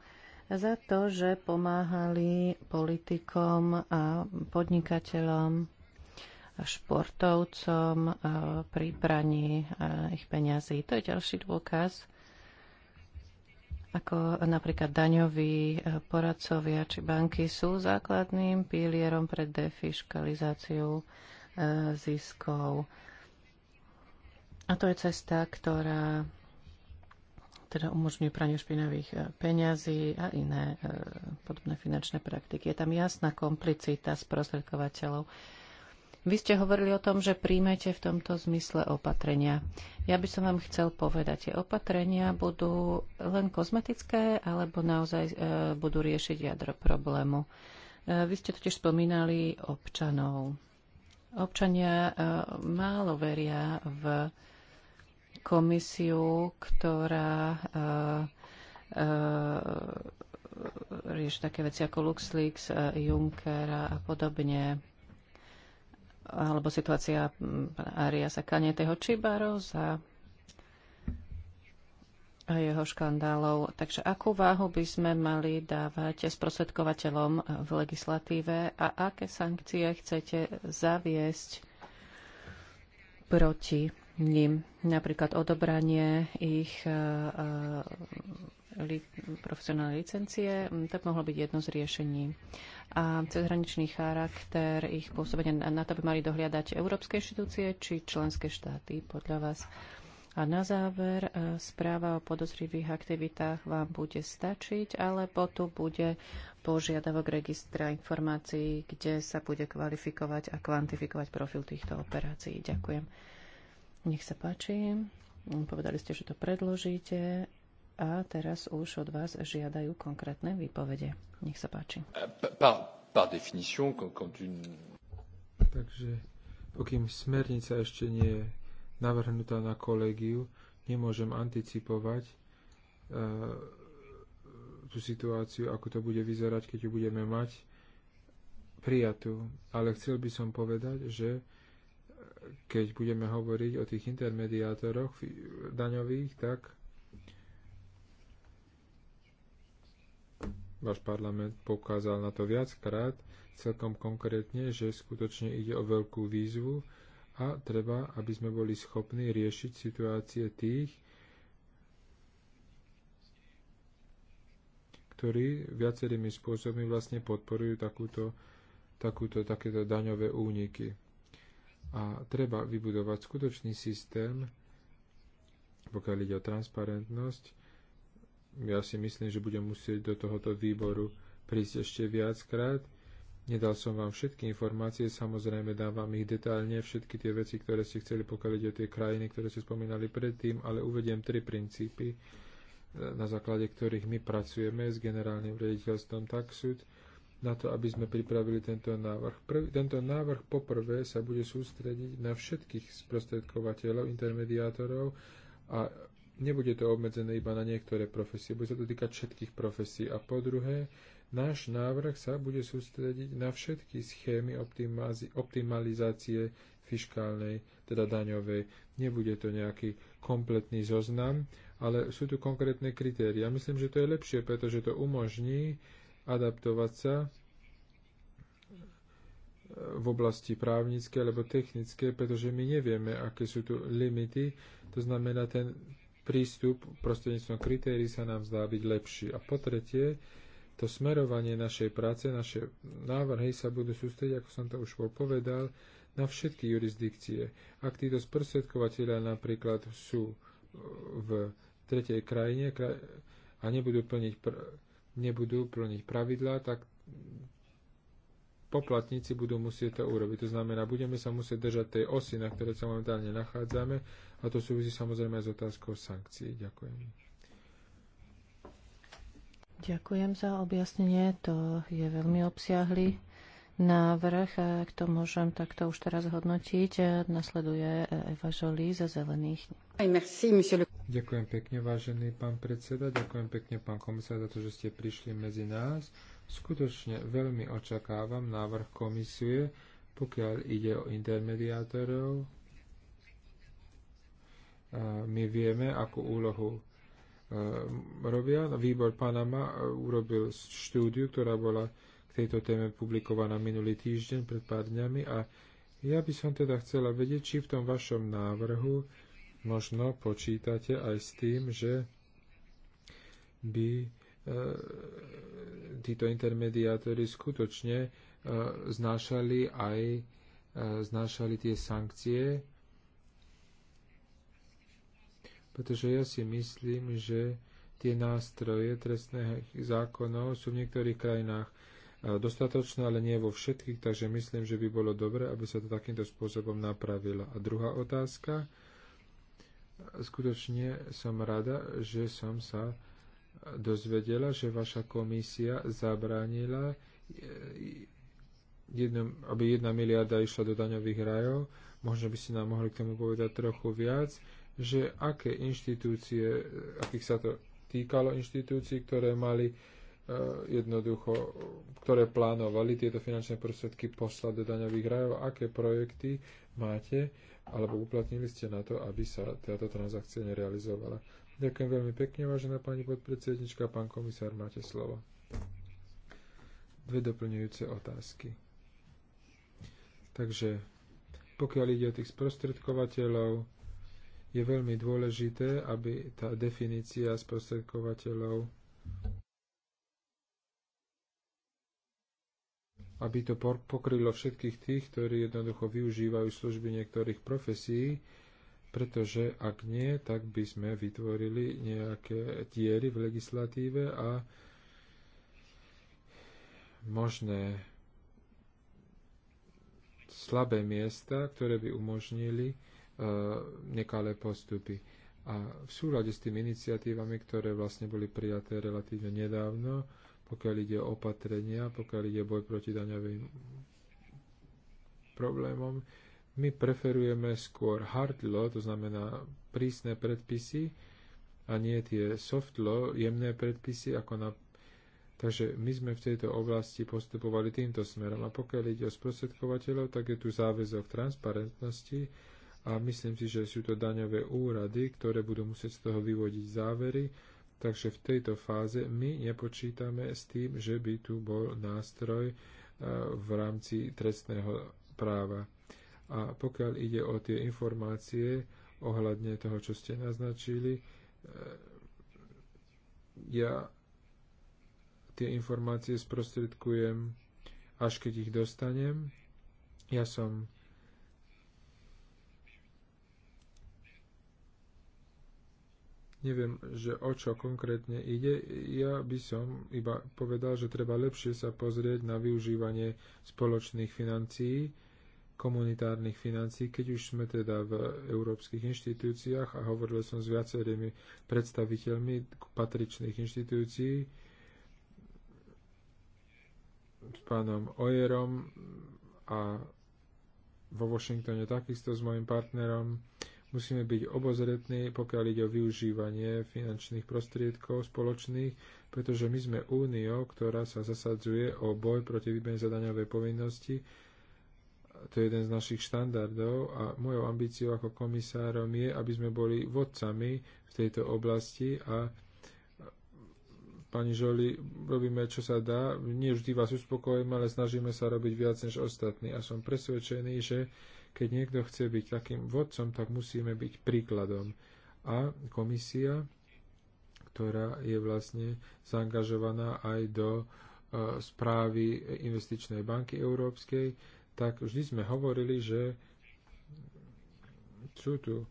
za to, že pomáhali politikom a podnikateľom a športovcom e, pri praní e, ich peňazí. To je ďalší dôkaz, ako napríklad daňoví poradcovia či banky sú základným pilierom pre defiskalizáciu ziskov. A to je cesta, ktorá teda umožňuje praniu špinavých e, peňazí a iné e, podobné finančné praktiky. Je tam jasná komplicita s sprostredkovateľov. Vy ste hovorili o tom, že príjmete v tomto zmysle opatrenia. Ja by som vám chcel povedať, tie opatrenia budú len kozmetické alebo naozaj e, budú riešiť jadro problému. vy ste totiž spomínali občanov. Občania málo veria v komisiu, ktorá eh, eh, rieši také veci ako LuxLeaks, eh, Juncker a podobne alebo situácia mm, Ariasa Kanieteho či Baroza a jeho škandálov. Takže akú váhu by sme mali dávať sprostredkovateľom v legislatíve a aké sankcie chcete zaviesť proti ním. Napríklad odobranie ich e, e, li, profesionálnej licencie, to by mohlo byť jedno z riešení. A cezhraničný charakter ich pôsobenia, na to by mali dohliadať európske inštitúcie či členské štáty, podľa vás. A na záver, e, správa o podozrivých aktivitách vám bude stačiť, alebo tu bude požiadavok registra informácií, kde sa bude kvalifikovať a kvantifikovať profil týchto operácií. Ďakujem. Nech sa páči. Povedali ste, že to predložíte a teraz už od vás žiadajú konkrétne výpovede. Nech sa páči. Uh, Takže pokým smernica ešte nie je navrhnutá na kolegiu, nemôžem anticipovať uh, tú situáciu, ako to bude vyzerať, keď ju budeme mať prijatú. Ale chcel by som povedať, že keď budeme hovoriť o tých intermediátoroch daňových, tak váš parlament pokázal na to viackrát, celkom konkrétne, že skutočne ide o veľkú výzvu a treba, aby sme boli schopní riešiť situácie tých, ktorí viacerými spôsobmi vlastne podporujú takúto, takúto, takéto daňové úniky a treba vybudovať skutočný systém, pokiaľ ide o transparentnosť. Ja si myslím, že budem musieť do tohoto výboru prísť ešte viackrát. Nedal som vám všetky informácie, samozrejme dám vám ich detálne, všetky tie veci, ktoré ste chceli, pokiaľ ide o tie krajiny, ktoré ste spomínali predtým, ale uvediem tri princípy, na základe ktorých my pracujeme s generálnym rediteľstvom Taxud na to, aby sme pripravili tento návrh. Prv, tento návrh poprvé sa bude sústrediť na všetkých sprostredkovateľov, intermediátorov a nebude to obmedzené iba na niektoré profesie, bude sa to týkať všetkých profesí. A po druhé, náš návrh sa bude sústrediť na všetky schémy optimalizácie fiškálnej, teda daňovej. Nebude to nejaký kompletný zoznam, ale sú tu konkrétne kritéria. Myslím, že to je lepšie, pretože to umožní adaptovať sa e, v oblasti právnické alebo technické, pretože my nevieme, aké sú tu limity. To znamená, ten prístup prostredníctvom kritérií sa nám zdá byť lepší. A po tretie, to smerovanie našej práce, naše návrhy sa budú sústrediť, ako som to už bol povedal, na všetky jurisdikcie. Ak títo sprostredkovateľia napríklad sú v tretej krajine a nebudú plniť pr- nebudú plniť pravidlá, tak poplatníci budú musieť to urobiť. To znamená, budeme sa musieť držať tej osy, na ktorej sa momentálne nachádzame a to súvisí samozrejme aj s otázkou sankcií. Ďakujem. Ďakujem za objasnenie, to je veľmi obsiahly návrh, e, ak to môžem takto už teraz hodnotiť, e, nasleduje e, Eva Žolí za zelených. Ďakujem pekne, vážený pán predseda, ďakujem pekne, pán komisár, za to, že ste prišli medzi nás. Skutočne veľmi očakávam návrh komisie, pokiaľ ide o intermediátorov. My vieme, akú úlohu robia. Výbor Panama urobil štúdiu, ktorá bola tejto téme publikovaná minulý týždeň, pred pár dňami a ja by som teda chcela vedieť, či v tom vašom návrhu možno počítate aj s tým, že by e, títo intermediátori skutočne e, znášali aj e, znášali tie sankcie, pretože ja si myslím, že tie nástroje trestných zákonov sú v niektorých krajinách dostatočná, ale nie vo všetkých, takže myslím, že by bolo dobre, aby sa to takýmto spôsobom napravilo. A druhá otázka. Skutočne som rada, že som sa dozvedela, že vaša komisia zabránila, e, aby jedna miliarda išla do daňových rajov. Možno by ste nám mohli k tomu povedať trochu viac, že aké inštitúcie, akých sa to týkalo inštitúcií, ktoré mali Eh, jednoducho, ktoré plánovali tieto finančné prostriedky poslať do daňových rajov, aké projekty máte alebo uplatnili ste na to, aby sa táto transakcia nerealizovala. Ďakujem veľmi pekne, vážená pani podpredsednička, pán komisár, máte slovo. Dve doplňujúce otázky. Takže pokiaľ ide o tých sprostredkovateľov, je veľmi dôležité, aby tá definícia sprostredkovateľov aby to pokrylo všetkých tých, ktorí jednoducho využívajú služby niektorých profesí, pretože ak nie, tak by sme vytvorili nejaké diery v legislatíve a možné slabé miesta, ktoré by umožnili uh, nekalé postupy. A v súlade s tými iniciatívami, ktoré vlastne boli prijaté relatívne nedávno, pokiaľ ide o opatrenia, pokiaľ ide boj proti daňovým problémom. My preferujeme skôr hard law, to znamená prísne predpisy a nie tie soft law, jemné predpisy, ako na Takže my sme v tejto oblasti postupovali týmto smerom. A pokiaľ ide o sprostredkovateľov, tak je tu záväzok transparentnosti a myslím si, že sú to daňové úrady, ktoré budú musieť z toho vyvodiť závery Takže v tejto fáze my nepočítame s tým, že by tu bol nástroj e, v rámci trestného práva. A pokiaľ ide o tie informácie ohľadne toho, čo ste naznačili, e, ja tie informácie sprostredkujem, až keď ich dostanem. Ja som Neviem, že o čo konkrétne ide. Ja by som iba povedal, že treba lepšie sa pozrieť na využívanie spoločných financií, komunitárnych financií, keď už sme teda v európskych inštitúciách a hovoril som s viacerými predstaviteľmi patričných inštitúcií, s pánom Ojerom a vo Washingtone takisto s mojim partnerom, Musíme byť obozretní, pokiaľ ide o využívanie finančných prostriedkov spoločných, pretože my sme úniou, ktorá sa zasadzuje o boj proti výbene za povinnosti. To je jeden z našich štandardov a mojou ambíciou ako komisárom je, aby sme boli vodcami v tejto oblasti a pani Žoli, robíme, čo sa dá. Nie vždy vás uspokojíme, ale snažíme sa robiť viac než ostatní. A som presvedčený, že keď niekto chce byť takým vodcom, tak musíme byť príkladom. A komisia, ktorá je vlastne zaangažovaná aj do e, správy Investičnej banky Európskej, tak vždy sme hovorili, že sú tu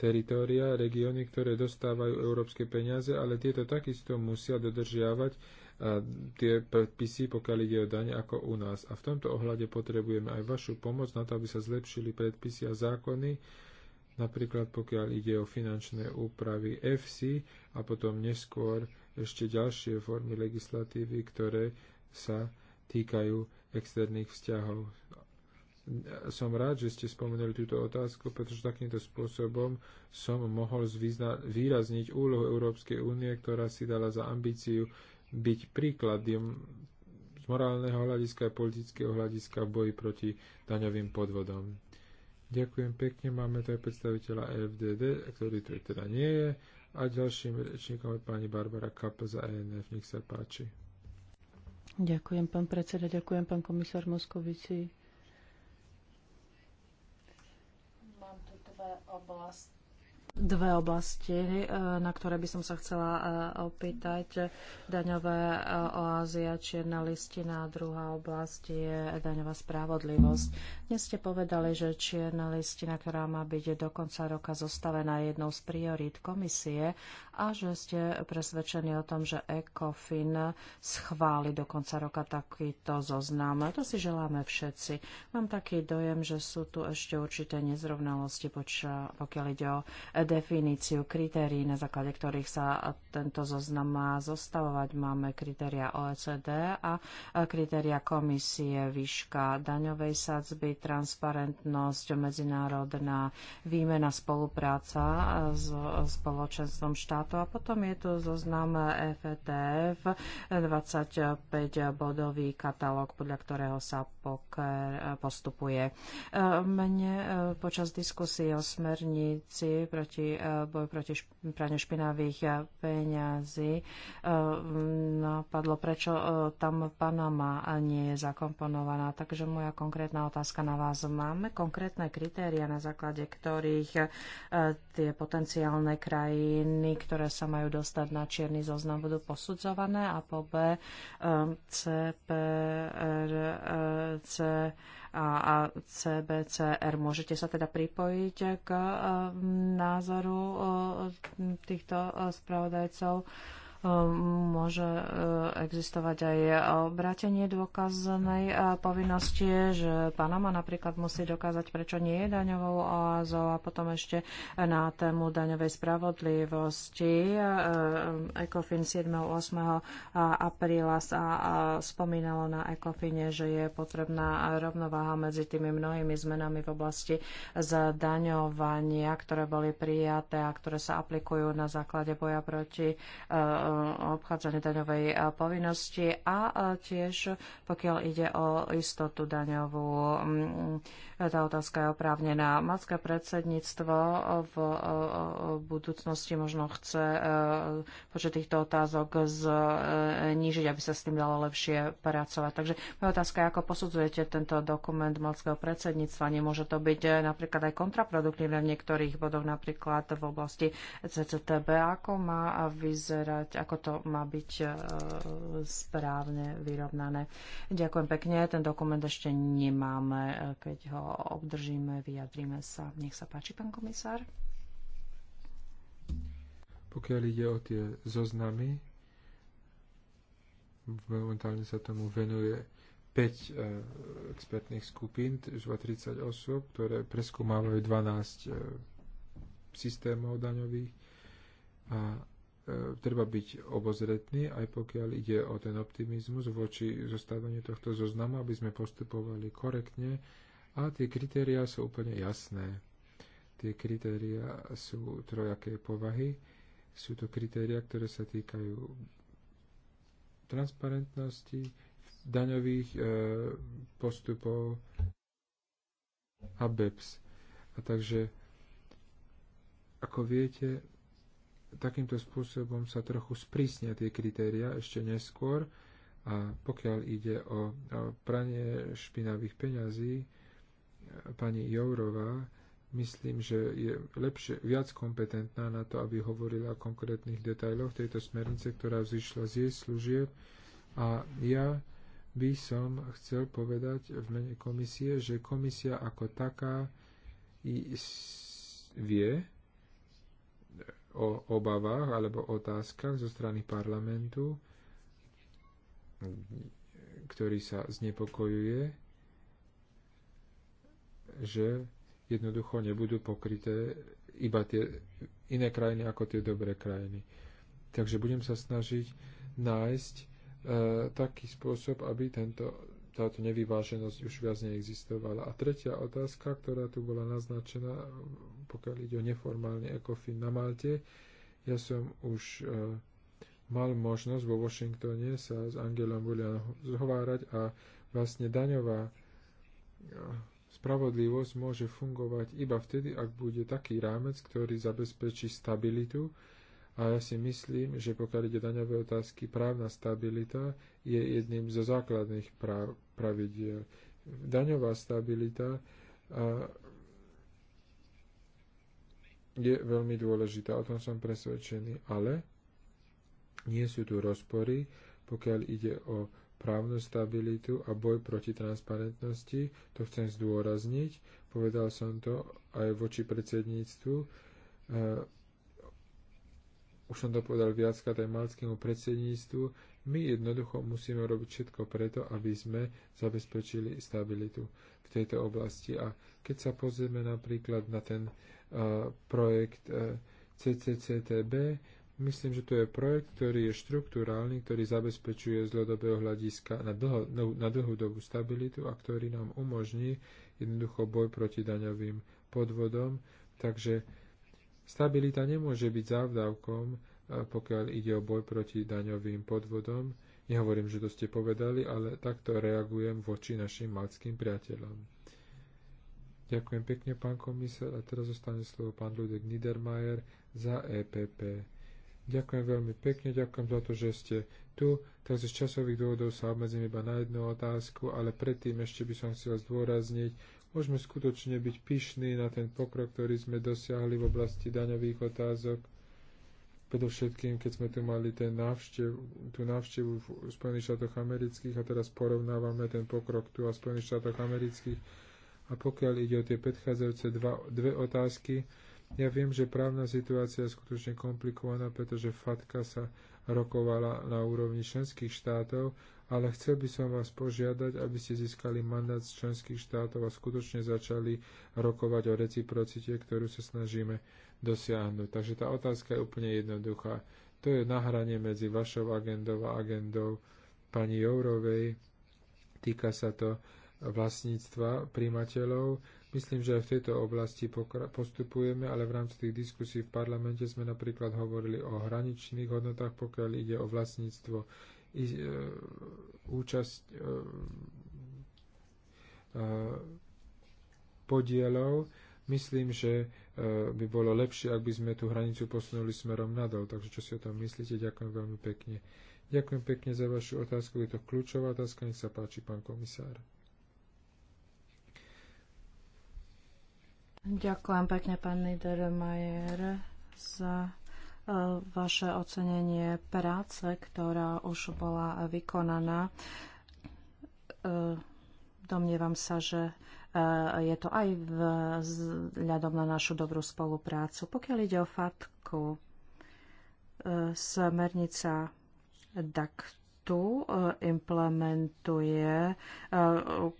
teritória, regióny, ktoré dostávajú európske peniaze, ale tieto takisto musia dodržiavať tie predpisy, pokiaľ ide o dane, ako u nás. A v tomto ohľade potrebujeme aj vašu pomoc na to, aby sa zlepšili predpisy a zákony, napríklad pokiaľ ide o finančné úpravy FC a potom neskôr ešte ďalšie formy legislatívy, ktoré sa týkajú externých vzťahov. Som rád, že ste spomenuli túto otázku, pretože takýmto spôsobom som mohol výrazniť úlohu Európskej únie, ktorá si dala za ambíciu byť príkladom z morálneho hľadiska a politického hľadiska v boji proti daňovým podvodom. Ďakujem pekne, máme tu aj predstaviteľa FDD, ktorý tu teda nie je. A ďalším rečníkom je pani Barbara Kapl za ENF, nech sa páči. Ďakujem, pán predseda, ďakujem, pán komisár Moskovici. Mám tu dve oblasti Dve oblasti, e, na ktoré by som sa chcela e, opýtať. Daňové e, oázia, čierna listina a druhá oblasť je daňová spravodlivosť. Dnes ste povedali, že čierna listina, ktorá má byť do konca roka zostavená jednou z priorít komisie a že ste presvedčení o tom, že ECOFIN schváli do konca roka takýto zoznam. To si želáme všetci. Mám taký dojem, že sú tu ešte určité nezrovnalosti, pokiaľ ide o definíciu kritérií, na základe ktorých sa tento zoznam má zostavovať. Máme kritéria OECD a kritéria komisie výška daňovej sadzby, transparentnosť, medzinárodná výmena, spolupráca s spoločenstvom štátov. A potom je tu zoznam FETF, 25-bodový katalóg, podľa ktorého sa postupuje. Mne e, počas diskusie o smernici proti e, boju proti praniu špinavých peňazí e, napadlo, prečo tam Panama nie je zakomponovaná. Takže moja konkrétna otázka na vás. Máme konkrétne kritéria, na základe ktorých e, tie potenciálne krajiny, ktoré sa majú dostať na čierny zoznam, budú posudzované a po B CPRC e, e, a CBCR. Môžete sa teda pripojiť k názoru týchto spravodajcov. Ehm, môže eh, existovať aj obratenie dôkaznej eh, povinnosti, že Panama napríklad musí dokázať, prečo nie je daňovou oázou a potom ešte na tému daňovej spravodlivosti. Eh, ECOFIN 7. 8. apríla sa spomínalo na ECOFINe, že je potrebná rovnováha medzi tými mnohými zmenami v oblasti zdaňovania, ktoré boli prijaté a ktoré sa aplikujú na základe boja proti obchádzanie daňovej povinnosti a tiež pokiaľ ide o istotu daňovú. Tá otázka je oprávnená. Matské predsedníctvo v budúcnosti možno chce e, počet týchto otázok znížiť, aby sa s tým dalo lepšie pracovať. Takže moja otázka je, ako posudzujete tento dokument malského predsedníctva? Nemôže to byť e, napríklad aj kontraproduktívne v niektorých bodoch, napríklad v oblasti CCTB. Ako má vyzerať, ako to má byť e, správne vyrovnané. Ďakujem pekne, ten dokument ešte nemáme. E, keď ho obdržíme, vyjadríme sa. Nech sa páči, pán komisár. Pokiaľ ide o tie zoznamy, momentálne sa tomu venuje 5 e, expertných skupín, zhruba 30 osôb, ktoré preskúmávajú 12 systémov daňových a E, treba byť obozretný, aj pokiaľ ide o ten optimizmus voči zostávaniu tohto zoznamu, aby sme postupovali korektne a tie kritériá sú úplne jasné. Tie kritériá sú trojaké povahy. Sú to kritériá, ktoré sa týkajú transparentnosti, daňových e, postupov a BEPS. A takže, ako viete, takýmto spôsobom sa trochu sprísnia tie kritéria ešte neskôr a pokiaľ ide o pranie špinavých peňazí, pani Jourová, myslím, že je lepšie, viac kompetentná na to, aby hovorila o konkrétnych detailoch tejto smernice, ktorá vzýšla z jej služieb. A ja by som chcel povedať v mene komisie, že komisia ako taká vie, o obavách alebo otázkach zo strany parlamentu, ktorý sa znepokojuje, že jednoducho nebudú pokryté iba tie iné krajiny ako tie dobré krajiny. Takže budem sa snažiť nájsť e, taký spôsob, aby tento táto nevyváženosť už viac neexistovala. A tretia otázka, ktorá tu bola naznačená, pokiaľ ide o neformálny ECOFIN na Malte, ja som už uh, mal možnosť vo Washingtone sa s Angelom William zhovárať a vlastne daňová e, spravodlivosť môže fungovať iba vtedy, ak bude taký rámec, ktorý zabezpečí stabilitu, a ja si myslím, že pokiaľ ide daňové otázky, právna stabilita je jedným zo základných prav, pravidiel. Daňová stabilita je veľmi dôležitá, o tom som presvedčený, ale nie sú tu rozpory, pokiaľ ide o právnu stabilitu a boj proti transparentnosti, to chcem zdôrazniť, povedal som to aj voči predsedníctvu, už som to povedal viackrát aj malskému predsedníctvu, my jednoducho musíme robiť všetko preto, aby sme zabezpečili stabilitu v tejto oblasti. A keď sa pozrieme napríklad na ten uh, projekt uh, e, CCCTB, myslím, že to je projekt, ktorý je štruktúrálny, ktorý zabezpečuje z dlhodobého hľadiska na, dlho, no, na dlhú dobu stabilitu a ktorý nám umožní jednoducho boj proti daňovým podvodom. Takže Stabilita nemôže byť závdavkom, e, pokiaľ ide o boj proti daňovým podvodom. Nehovorím, že to ste povedali, ale takto reagujem voči našim malckým priateľom. Ďakujem pekne, pán komisár. A teraz zostane slovo pán Ludek Niedermayer za EPP. Ďakujem veľmi pekne, ďakujem za to, že ste tu. Teraz z časových dôvodov sa obmedzím iba na jednu otázku, ale predtým ešte by som chcel zdôrazniť, Môžeme skutočne byť pyšní na ten pokrok, ktorý sme dosiahli v oblasti daňových otázok. Predovšetkým, keď sme tu mali ten návštev, tú návštevu v Spojených štátoch amerických a teraz porovnávame ten pokrok tu a v Spojených štátoch amerických. A pokiaľ ide o tie predchádzajúce dva, dve otázky, ja viem, že právna situácia je skutočne komplikovaná, pretože FATKA sa rokovala na úrovni členských štátov, ale chcel by som vás požiadať, aby ste získali mandát z členských štátov a skutočne začali rokovať o reciprocite, ktorú sa snažíme dosiahnuť. Takže tá otázka je úplne jednoduchá. To je nahranie medzi vašou agendou a agendou pani Jourovej. Týka sa to vlastníctva príjmateľov, Myslím, že aj v tejto oblasti postupujeme, ale v rámci tých diskusí v parlamente sme napríklad hovorili o hraničných hodnotách, pokiaľ ide o vlastníctvo, i, e, účasť e, e, podielov. Myslím, že by bolo lepšie, ak by sme tú hranicu posunuli smerom nadol. Takže čo si o tom myslíte? Ďakujem veľmi pekne. Ďakujem pekne za vašu otázku. Je to kľúčová otázka. Nech sa páči, pán komisár. Ďakujem pekne, pán Niedermayer, za e, vaše ocenenie práce, ktorá už bola vykonaná. E, domnievam sa, že e, je to aj vzhľadom na našu dobrú spoluprácu. Pokiaľ ide o FATKu, smernica DACT tu implementuje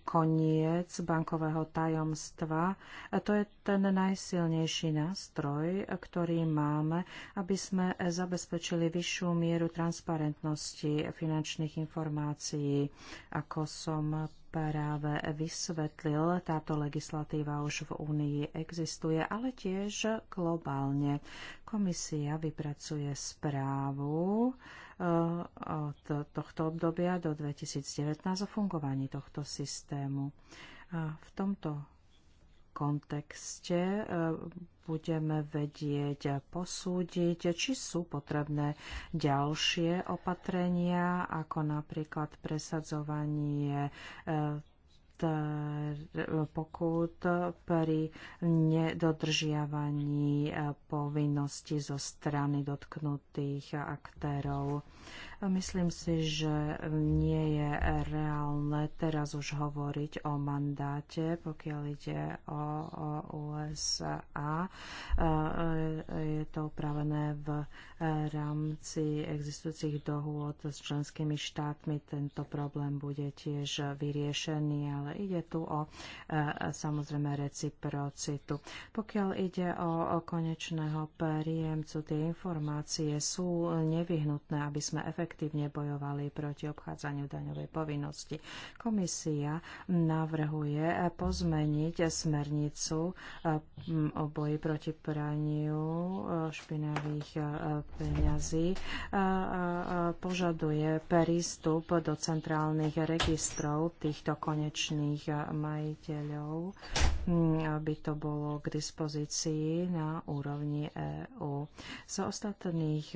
koniec bankového tajomstva. To je ten najsilnejší nástroj, ktorý máme, aby sme zabezpečili vyššiu mieru transparentnosti finančných informácií, ako som práve vysvetlil, táto legislatíva už v Únii existuje, ale tiež globálne. Komisia vypracuje správu eh, od tohto obdobia do 2019 o fungovaní tohto systému. v tomto kontexte e, budeme vedieť posúdiť, či sú potrebné ďalšie opatrenia, ako napríklad presadzovanie e, pokút pri nedodržiavaní e, povinnosti zo strany dotknutých aktérov. Myslím si, že nie je reálne teraz už hovoriť o mandáte, pokiaľ ide o, o USA. E, je to upravené v rámci existujúcich dohôd s členskými štátmi. Tento problém bude tiež vyriešený, ale ide tu o e, samozrejme reciprocitu. Pokiaľ ide o, o konečného príjemcu, tie informácie sú nevyhnutné, aby sme efektívne efektívne bojovali proti obchádzaniu daňovej povinnosti. Komisia navrhuje pozmeniť smernicu e, o boji proti praniu e, špinavých e, peňazí. Požaduje prístup do centrálnych registrov týchto konečných majiteľov, aby to bolo k dispozícii na úrovni EÚ. Z ostatných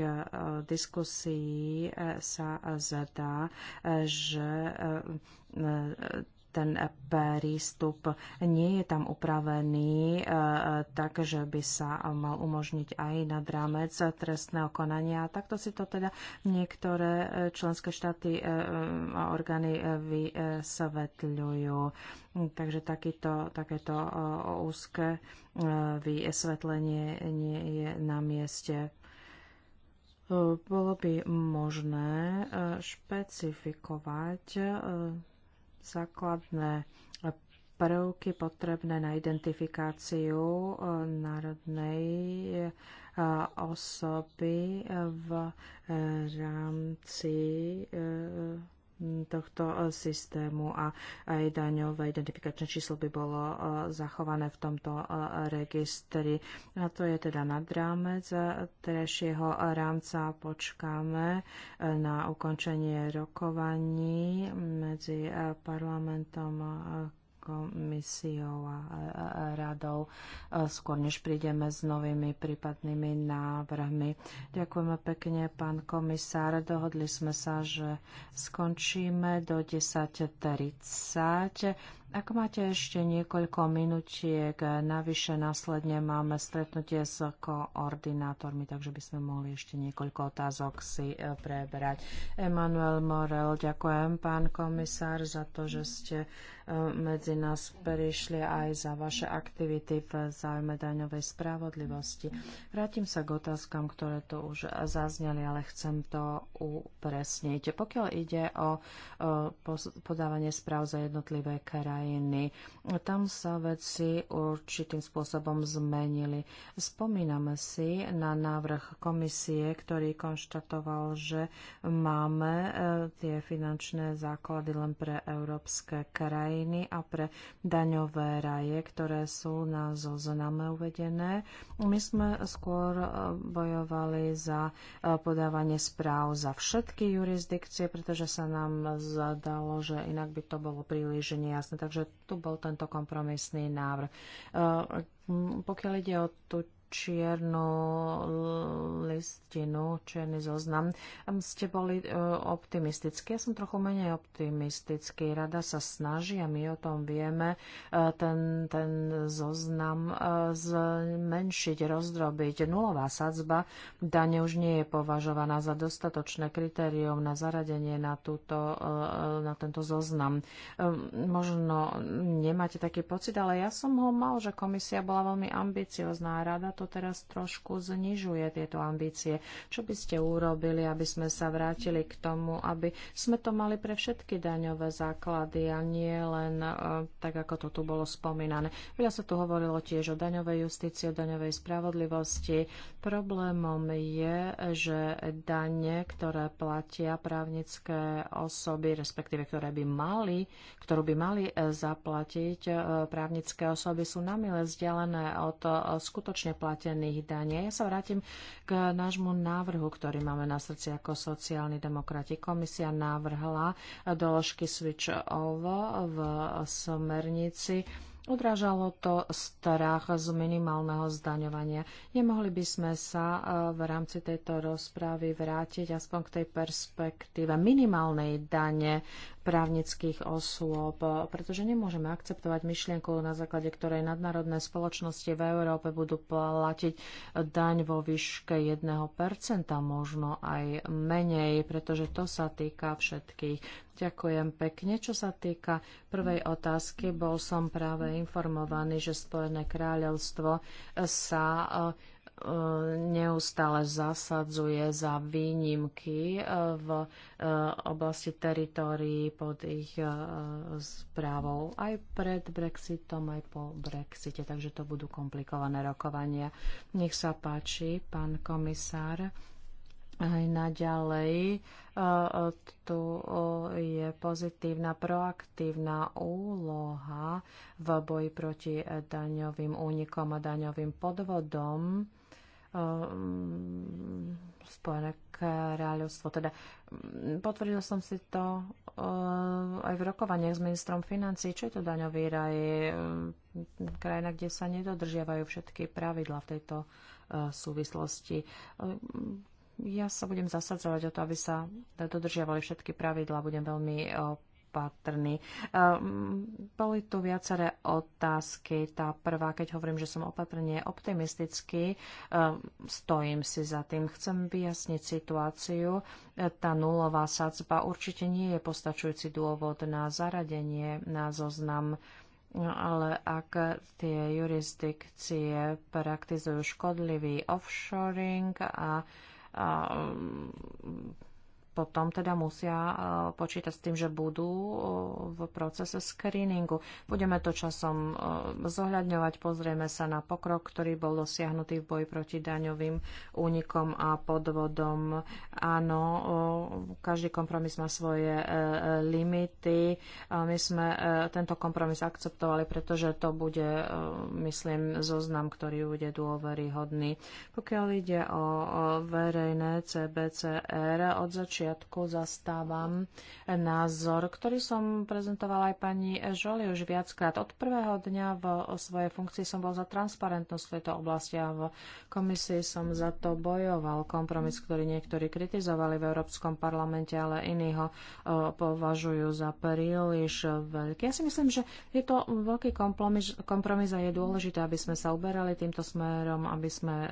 diskusí sa zdá, že e, e, ten prístup nie je tam upravený e, tak, že by sa mal umožniť aj nad rámec trestného konania. A takto si to teda niektoré členské štáty a orgány vysvetľujú. Takže takýto, takéto úzke vysvetlenie nie je na mieste. Bolo by možné eh, špecifikovať eh, základné prvky potrebné na identifikáciu eh, národnej osoby v rámci Mm, tohto e, systému a aj daňové identifikačné číslo by bolo e, zachované v tomto e, registri. A to je teda nad rámec terajšieho rámca. Počkáme na ukončenie rokovaní medzi parlamentom a komisiou a radou, skôr než prídeme s novými prípadnými návrhmi. Ďakujeme pekne, pán komisár. Dohodli sme sa, že skončíme do 10.30. Ak máte ešte niekoľko minutiek, navyše následne máme stretnutie s koordinátormi, takže by sme mohli ešte niekoľko otázok si e, prebrať. Emanuel Morel, ďakujem pán komisár za to, že ste medzi nás prišli aj za vaše aktivity v záujme daňovej spravodlivosti. Vrátim sa k otázkam, ktoré tu už zazneli, ale chcem to upresniť. Pokiaľ ide o podávanie správ za jednotlivé krajiny, tam sa veci určitým spôsobom zmenili. Spomíname si na návrh komisie, ktorý konštatoval, že máme e, tie finančné základy len pre európske krajiny krajiny a pre daňové raje, ktoré sú na zozname uvedené. My sme skôr e, bojovali za e, podávanie správ za všetky jurisdikcie, pretože sa nám zadalo, že inak by to bolo príliš nejasné. Takže tu bol tento kompromisný návrh. E, pokiaľ ide o tú čiernu listinu, čierny zoznam. Ste boli e, optimistickí, ja som trochu menej optimistický. Rada sa snaží a my o tom vieme e, ten, ten zoznam e, zmenšiť, rozdrobiť. Nulová sadzba dane už nie je považovaná za dostatočné kritérium na zaradenie na, túto, na tento zoznam. Možno nemáte taký pocit, ale ja som ho mal, že komisia bola veľmi ambiciozná a rada to teraz trošku znižuje tieto ambície. Čo by ste urobili, aby sme sa vrátili k tomu, aby sme to mali pre všetky daňové základy a nie len e, tak, ako to tu bolo spomínané. Veľa sa tu hovorilo tiež o daňovej justícii, o daňovej spravodlivosti. Problémom je, že dane, ktoré platia právnické osoby, respektíve ktoré by mali, ktorú by mali e, zaplatiť e, právnické osoby, sú namile vzdialené od skutočne platí nezaplatených daní. Ja sa vrátim k nášmu návrhu, ktorý máme na srdci ako sociálni demokrati. Komisia navrhla doložky switch over v smernici Udrážalo to strach z minimálneho zdaňovania. Nemohli by sme sa e, v rámci tejto rozprávy vrátiť aspoň k tej perspektíve minimálnej dane právnických osôb, pretože nemôžeme akceptovať myšlienku, na základe ktorej nadnárodné spoločnosti v Európe budú platiť daň vo výške 1%, možno aj menej, pretože to sa týka všetkých. Ďakujem pekne. Čo sa týka prvej otázky, bol som práve informovaný, že Spojené kráľovstvo sa neustále zasadzuje za výnimky e, v e, oblasti teritórií pod ich e, správou aj pred Brexitom, aj po Brexite, takže to budú komplikované rokovania. Nech sa páči, pán komisár aj naďalej. Tu je pozitívna, proaktívna úloha v boji proti daňovým únikom a daňovým podvodom Ehm, Spojené kráľovstvo. Teda mm, potvrdil som si to eh, aj v rokovaniach s ministrom financí, čo je to daňový raj, ehm, krajina, kde sa nedodržiavajú všetky pravidla v tejto eh, súvislosti. Ehm, ja sa budem zasadzovať o to, aby sa dodržiavali všetky pravidla. Budem veľmi eh, opatrný. Ehm, boli tu viaceré otázky. Tá prvá, keď hovorím, že som opatrne optimistický, ehm, stojím si za tým. Chcem vyjasniť situáciu. E, tá nulová sadzba určite nie je postačujúci dôvod na zaradenie na zoznam no, ale ak tie jurisdikcie praktizujú škodlivý offshoring a, a potom teda musia e, počítať s tým, že budú e, v procese screeningu. Budeme to časom e, zohľadňovať, pozrieme sa na pokrok, ktorý bol dosiahnutý v boji proti daňovým únikom a podvodom. Áno, každý kompromis má svoje limity. My sme tento kompromis akceptovali, pretože to bude, myslím, zoznam, ktorý bude dôveryhodný. Pokiaľ ide o verejné CBCR, od začiatku začiatku zastávam názor, ktorý som prezentovala aj pani Žoli už viackrát. Od prvého dňa v svojej funkcii som bol za transparentnosť v tejto oblasti a v komisii som za to bojoval. Kompromis, ktorý niektorí kritizovali v Európskom parlamente, ale iní ho e, považujú za príliš veľký. Ja si myslím, že je to veľký kompromis, kompromis a je dôležité, aby sme sa uberali týmto smerom, aby sme e, e,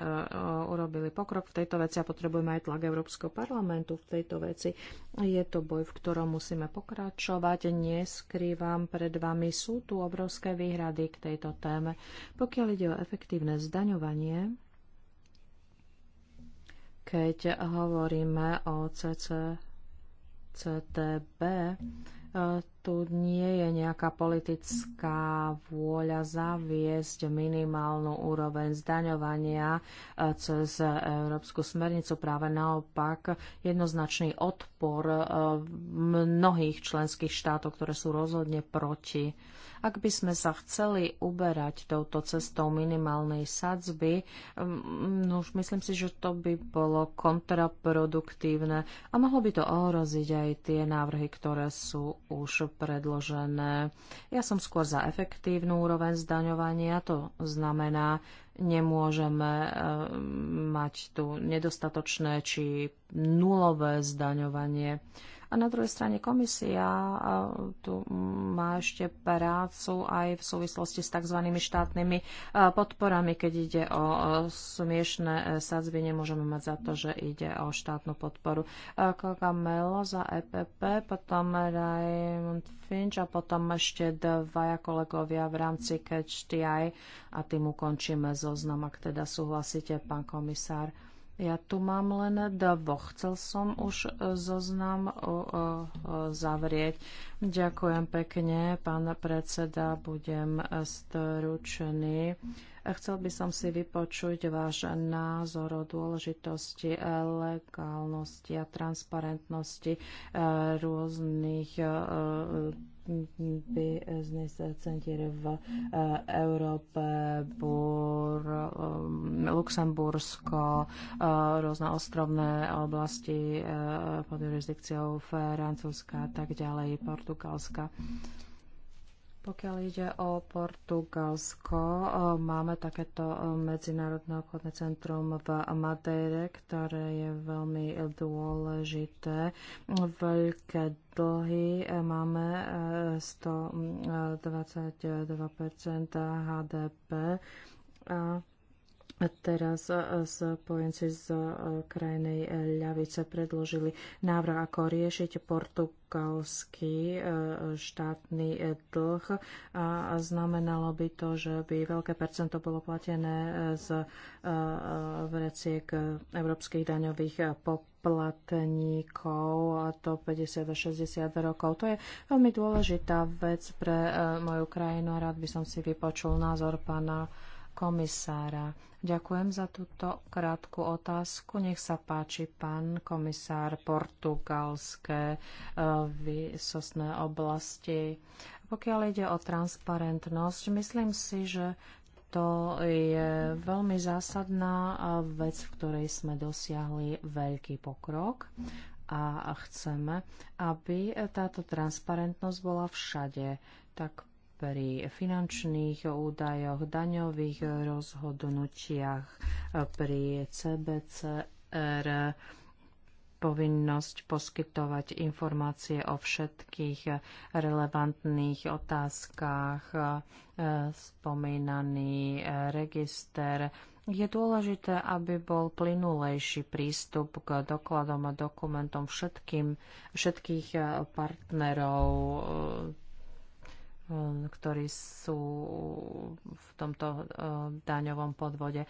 urobili pokrok v tejto veci a potrebujeme aj tlak Európskeho parlamentu v tejto veci. Je to boj, v ktorom musíme pokračovať. Neskrývam pred vami, sú tu obrovské výhrady k tejto téme. Pokiaľ ide o efektívne zdaňovanie, keď hovoríme o CCCTB, E, tu nie je nejaká politická vôľa zaviesť minimálnu úroveň zdaňovania e, cez Európsku smernicu. Práve naopak jednoznačný odpor e, mnohých členských štátov, ktoré sú rozhodne proti ak by sme sa chceli uberať touto cestou minimálnej sadzby, mm, no už myslím si, že to by bolo kontraproduktívne a mohlo by to ohroziť aj tie návrhy, ktoré sú už predložené. Ja som skôr za efektívnu úroveň zdaňovania, to znamená, nemôžeme e, mať tu nedostatočné či nulové zdaňovanie. A na druhej strane komisia tu má ešte prácu aj v súvislosti s tzv. štátnymi e, podporami, keď ide o smiešné e, sadzby. Nemôžeme mať za to, že ide o štátnu podporu. E, Koga Melo za EPP, potom Raymond Finch a potom ešte dvaja kolegovia v rámci Catch TI a tým ukončíme zoznam, ak teda súhlasíte, pán komisár. Ja tu mám len dvo. Chcel som už e, zoznam e, e, zavrieť. Ďakujem pekne, pán predseda. Budem stručný. Chcel by som si vypočuť váš názor o dôležitosti eh, legálnosti a transparentnosti eh, rôznych eh, business centier v Európe, Búr, Luxembursko, rôzne ostrovné oblasti pod jurisdikciou Francúzska a tak ďalej, Portugalska. Pokiaľ ide o Portugalsko, e, máme takéto e, medzinárodné obchodné centrum v Madeire, ktoré je veľmi dôležité. Veľké dlhy e, máme 122% HDP. A Teraz e, pojenci z e, krajnej e, ľavice predložili návrh, ako riešiť portugalský štátny dlh a znamenalo by to, že by veľké percento bolo platené z vreciek európskych daňových poplatníkov a to 50 až 60 rokov. To je veľmi dôležitá vec pre moju krajinu a rád by som si vypočul názor pána komisára. Ďakujem za túto krátku otázku. Nech sa páči, pán komisár portugalské e, vysosné oblasti. Pokiaľ ide o transparentnosť, myslím si, že to je veľmi zásadná e, vec, v ktorej sme dosiahli veľký pokrok a chceme, aby táto transparentnosť bola všade, tak pri finančných údajoch, daňových rozhodnutiach, pri CBCR, povinnosť poskytovať informácie o všetkých relevantných otázkach, e, spomínaný e, register. Je dôležité, aby bol plynulejší prístup k dokladom a dokumentom všetkým, všetkých e, partnerov Um, ktorí sú v tomto uh, daňovom podvode. Uh,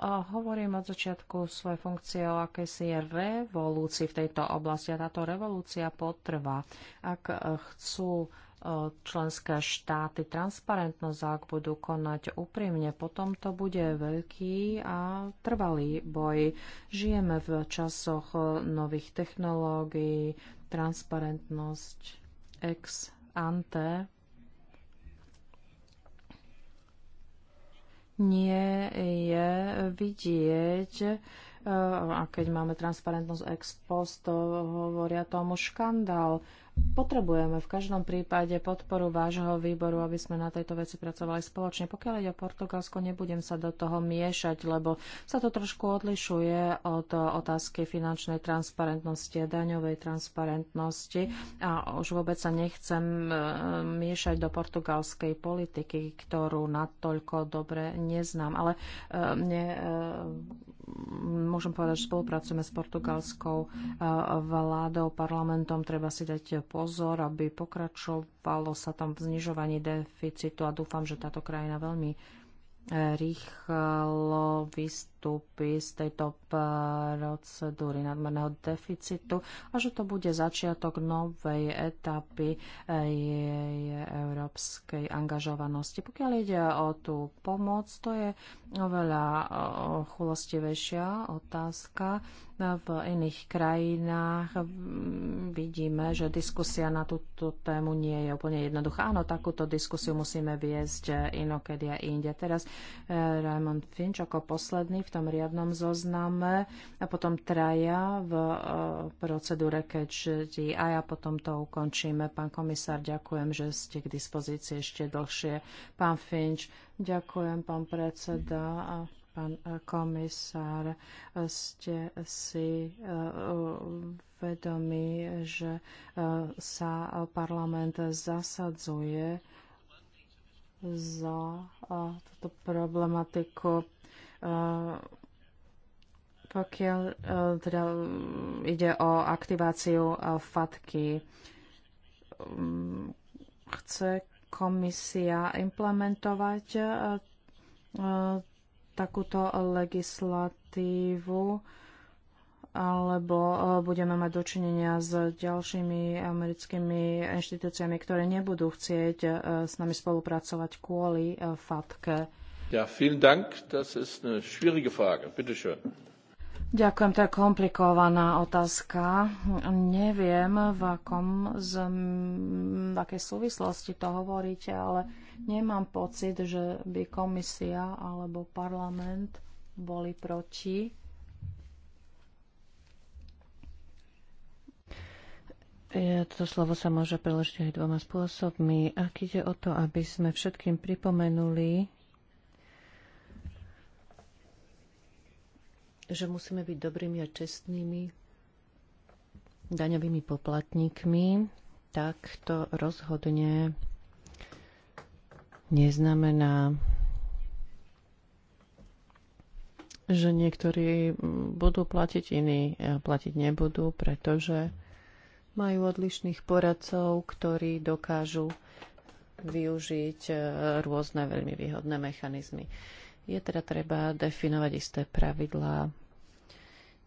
a hovorím od začiatku svoje funkcie o akési revolúcii v tejto oblasti a táto revolúcia potrvá. Ak uh, chcú členské štáty transparentnosť, ak budú konať úprimne, potom to bude veľký a trvalý boj. Žijeme v časoch nových technológií, transparentnosť ex ante nie je vidieť. E, a keď máme transparentnosť ex post, to hovoria tomu škandál. Potrebujeme v každom prípade podporu vášho výboru, aby sme na tejto veci pracovali spoločne. Pokiaľ ide o Portugalsko, nebudem sa do toho miešať, lebo sa to trošku odlišuje od otázky finančnej transparentnosti a daňovej transparentnosti. A už vôbec sa nechcem e, miešať do portugalskej politiky, ktorú natoľko dobre neznám. Ale e, mne e, môžem povedať, že spolupracujeme s portugalskou eh, vládou, parlamentom. Treba si dať pozor, aby pokračovalo sa tam v znižovaní deficitu a dúfam, že táto krajina veľmi eh, rýchlo vystúpi vystúpi z tejto procedúry nadmerného deficitu a že to bude začiatok novej etapy jej európskej angažovanosti. Pokiaľ ide o tú pomoc, to je oveľa chulostivejšia otázka. V iných krajinách vidíme, že diskusia na túto tému nie je úplne jednoduchá. Áno, takúto diskusiu musíme viesť e, inokedy a inde. Teraz e, Raymond Finch ako posledný v tom riadnom zozname a potom traja v e, procedúre catch a ja potom to ukončíme. Pán komisár, ďakujem, že ste k dispozícii ešte dlhšie. Pán Finč, ďakujem, pán predseda. A pán e, komisár, ste si e, vedomi, že sa parlament zasadzuje za túto problematiku Eh, pokiaľ eh, teda mm, ide o aktiváciu eh, FATKY, mm, chce komisia implementovať takúto legislatívu alebo budeme mať dočinenia s ďalšími americkými inštitúciami, ktoré nebudú chcieť s nami spolupracovať kvôli FATKE. Ja, vielen Dank. Das ist eine schwierige Frage. Bitte schön. Ďakujem, to je komplikovaná otázka. Neviem, v, akom z, v akej súvislosti to hovoríte, ale nemám pocit, že by komisia alebo parlament boli proti. Toto slovo sa môže preložiť aj dvoma spôsobmi. Ak ide o to, aby sme všetkým pripomenuli, že musíme byť dobrými a čestnými daňovými poplatníkmi, tak to rozhodne neznamená, že niektorí budú platiť, iní eh, platiť nebudú, pretože majú odlišných poradcov, ktorí dokážu využiť eh, rôzne veľmi výhodné mechanizmy. Je teda treba definovať isté pravidlá.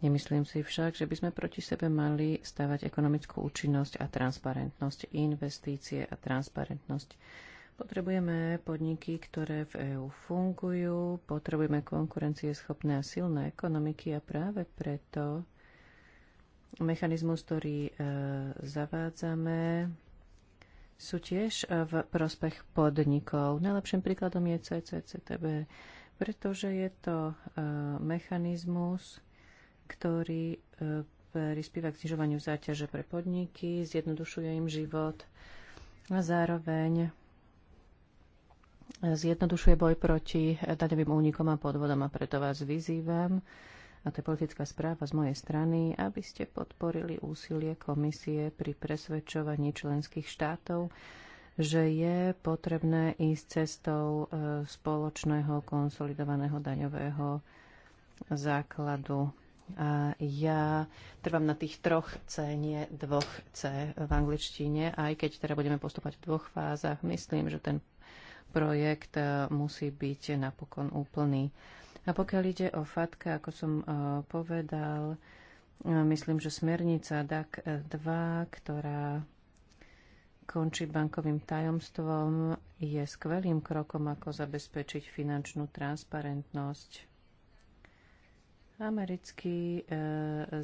Nemyslím si však, že by sme proti sebe mali stavať ekonomickú účinnosť a transparentnosť, investície a transparentnosť. Potrebujeme podniky, ktoré v EÚ fungujú, potrebujeme konkurencieschopné a silné ekonomiky a práve preto mechanizmus, ktorý e, zavádzame, sú tiež v prospech podnikov. Najlepším príkladom je CCCTB, pretože je to e, mechanizmus, ktorý e, prispieva k znižovaniu záťaže pre podniky, zjednodušuje im život a zároveň e, zjednodušuje boj proti daňovým únikom a podvodom a preto vás vyzývam, a to je politická správa z mojej strany, aby ste podporili úsilie komisie pri presvedčovaní členských štátov, že je potrebné ísť cestou e, spoločného konsolidovaného daňového základu. A ja trvám na tých troch C, nie dvoch C v angličtine, aj keď teda budeme postupovať v dvoch fázach. Myslím, že ten projekt e, musí byť napokon úplný. A pokiaľ ide o FATKA, ako som e, povedal, myslím, že smernica DAC 2, ktorá končí bankovým tajomstvom, je skvelým krokom, ako zabezpečiť finančnú transparentnosť. Americký e,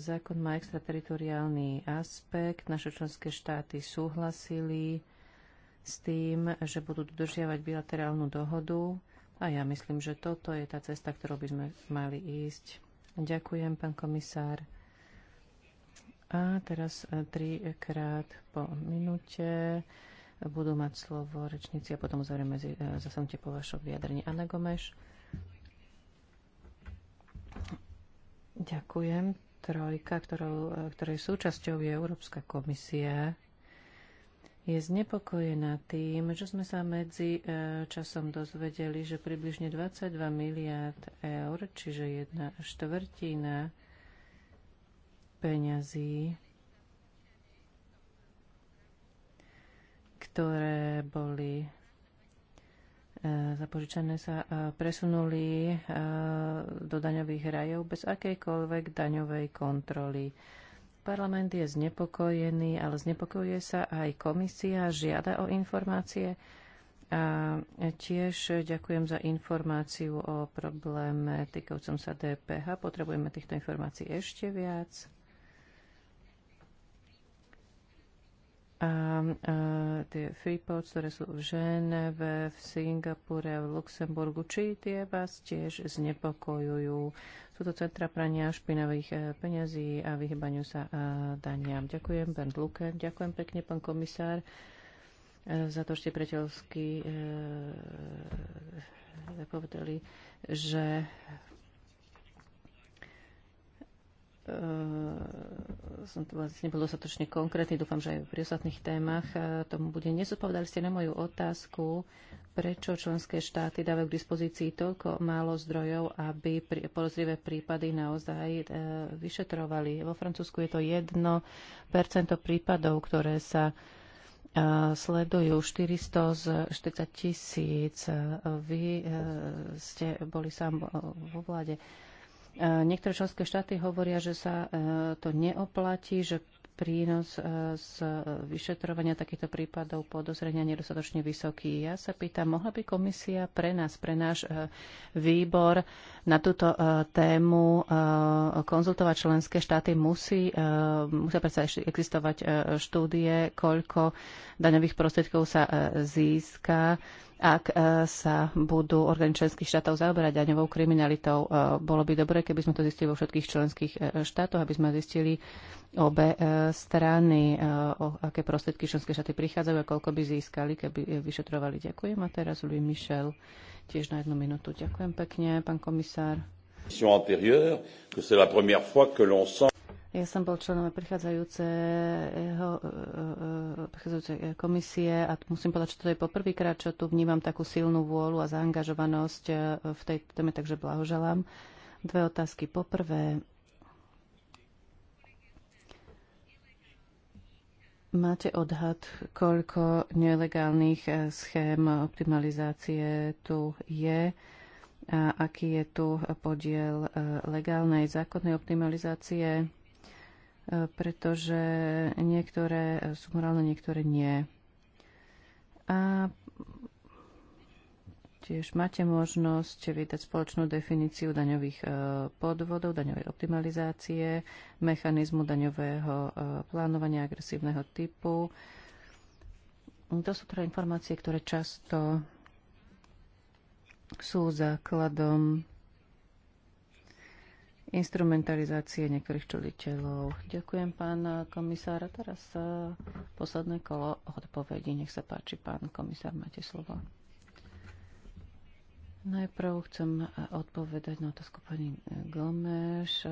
zákon má extrateritoriálny aspekt. Naše členské štáty súhlasili s tým, že budú dodržiavať bilaterálnu dohodu a ja myslím, že toto je tá cesta, ktorou by sme mali ísť. Ďakujem, pán komisár. A teraz e, trikrát po minúte budú mať slovo rečníci a potom uzavrieme e, zasadnutie po vašom vyjadrení. Anna Gomeš. Ďakujem. Trojka, ktorou, e, ktorej súčasťou je Európska komisia, je znepokojená tým, že sme sa medzi časom dozvedeli, že približne 22 miliard eur, čiže jedna štvrtina peňazí, ktoré boli e, zapožičané sa e, presunuli e, do daňových rajov bez akejkoľvek daňovej kontroly. Parlament je znepokojený, ale znepokojuje sa aj komisia, žiada o informácie. A tiež ďakujem za informáciu o probléme týkajúcom sa DPH. Potrebujeme týchto informácií ešte viac. a, a tie freeports, ktoré sú v Ženeve, v Singapure, v Luxemburgu, či tie vás tiež znepokojujú. Sú to centra prania špinavých e, peňazí a vyhybaniu sa e, daniam. Ďakujem, Bernd Luke. Ďakujem pekne, pán komisár, e, za to, že ste priateľsky e, povedali, že v Ehm, som tu vlastne nebol dostatočne konkrétny, dúfam, že aj pri ostatných témach e, tomu bude. Nezodpovedali ste na moju otázku, prečo členské štáty dávajú k dispozícii toľko málo zdrojov, aby podozrivé prípady naozaj e, vyšetrovali. Vo Francúzsku je to 1% prípadov, ktoré sa e, sledujú 400 z 40 tisíc. Vy ste boli sám vo vláde. E, niektoré členské štáty hovoria, že sa e, to neoplatí, že prínos e, z vyšetrovania takýchto prípadov podozrenia nedostatočne vysoký. Ja sa pýtam, mohla by komisia pre nás, pre náš výbor na túto tému konzultovať členské štáty? Musí, musia predsa existovať štúdie, koľko daňových prostriedkov sa získa ak e, sa budú orgány členských štátov zaoberať daňovou kriminalitou. E, bolo by dobre, keby sme to zistili vo všetkých členských e, štátoch, aby sme zistili obe strany, o aké prostriedky členské štáty prichádzajú a koľko by získali, keby vyšetrovali. Ďakujem. A teraz Louis Michel tiež na jednu minútu. Ďakujem pekne, pán komisár. que c'est la première fois que l'on sent ja som bol členom prichádzajúceho, e, e, e, prichádzajúcej komisie a musím povedať, že to je poprvýkrát, čo tu vnímam takú silnú vôľu a zaangažovanosť v tej téme, takže blahoželám. Dve otázky. Poprvé, máte odhad, koľko nelegálnych schém optimalizácie tu je? a aký je tu podiel legálnej zákonnej optimalizácie pretože niektoré sú morálne, niektoré nie. A tiež máte možnosť vydať spoločnú definíciu daňových e, podvodov, daňovej optimalizácie, mechanizmu daňového e, plánovania agresívneho typu. To sú teda informácie, ktoré často sú základom instrumentalizácie niektorých čuliteľov. Ďakujem, pán komisár. A teraz e, posledné kolo odpovedí. Nech sa páči, pán komisár, máte slovo. Najprv chcem e, odpovedať na otázku pani e, Gomeš.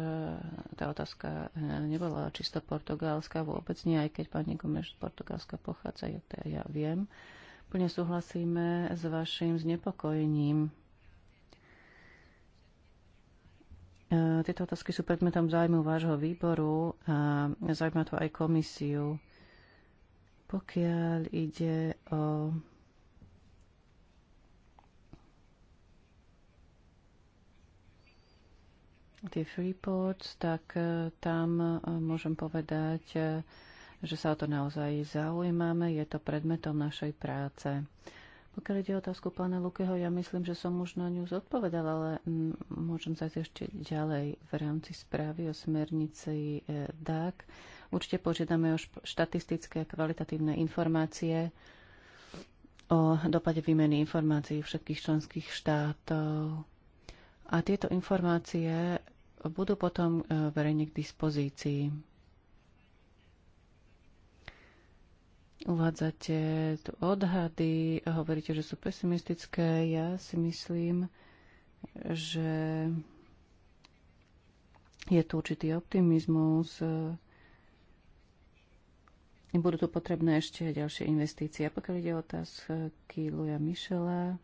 Tá otázka nebola čisto portugalská, vôbec nie, aj keď pani Gomeš z Portugalska pochádza, ja, ja viem. Plne súhlasíme s vašim znepokojením E, tieto otázky sú predmetom zájmu vášho výboru a zaujíma to aj komisiu. Pokiaľ ide o tie freeports, tak e, tam e, môžem povedať, že sa o to naozaj zaujímame. Je to predmetom našej práce. Pokiaľ ide otázku pána Lukeho, ja myslím, že som už na ňu zodpovedala, ale mm, môžem zase ešte ďalej v rámci správy o smernici e, DAC. Určite požiadame o štatistické a kvalitatívne informácie o dopade výmeny informácií všetkých členských štátov. A tieto informácie budú potom e, verejne k dispozícii. Uvádzate tu odhady, hovoríte, že sú pesimistické. Ja si myslím, že je tu určitý optimizmus. Budú tu potrebné ešte ďalšie investície. A pokiaľ ide o otázky Luja Mišela,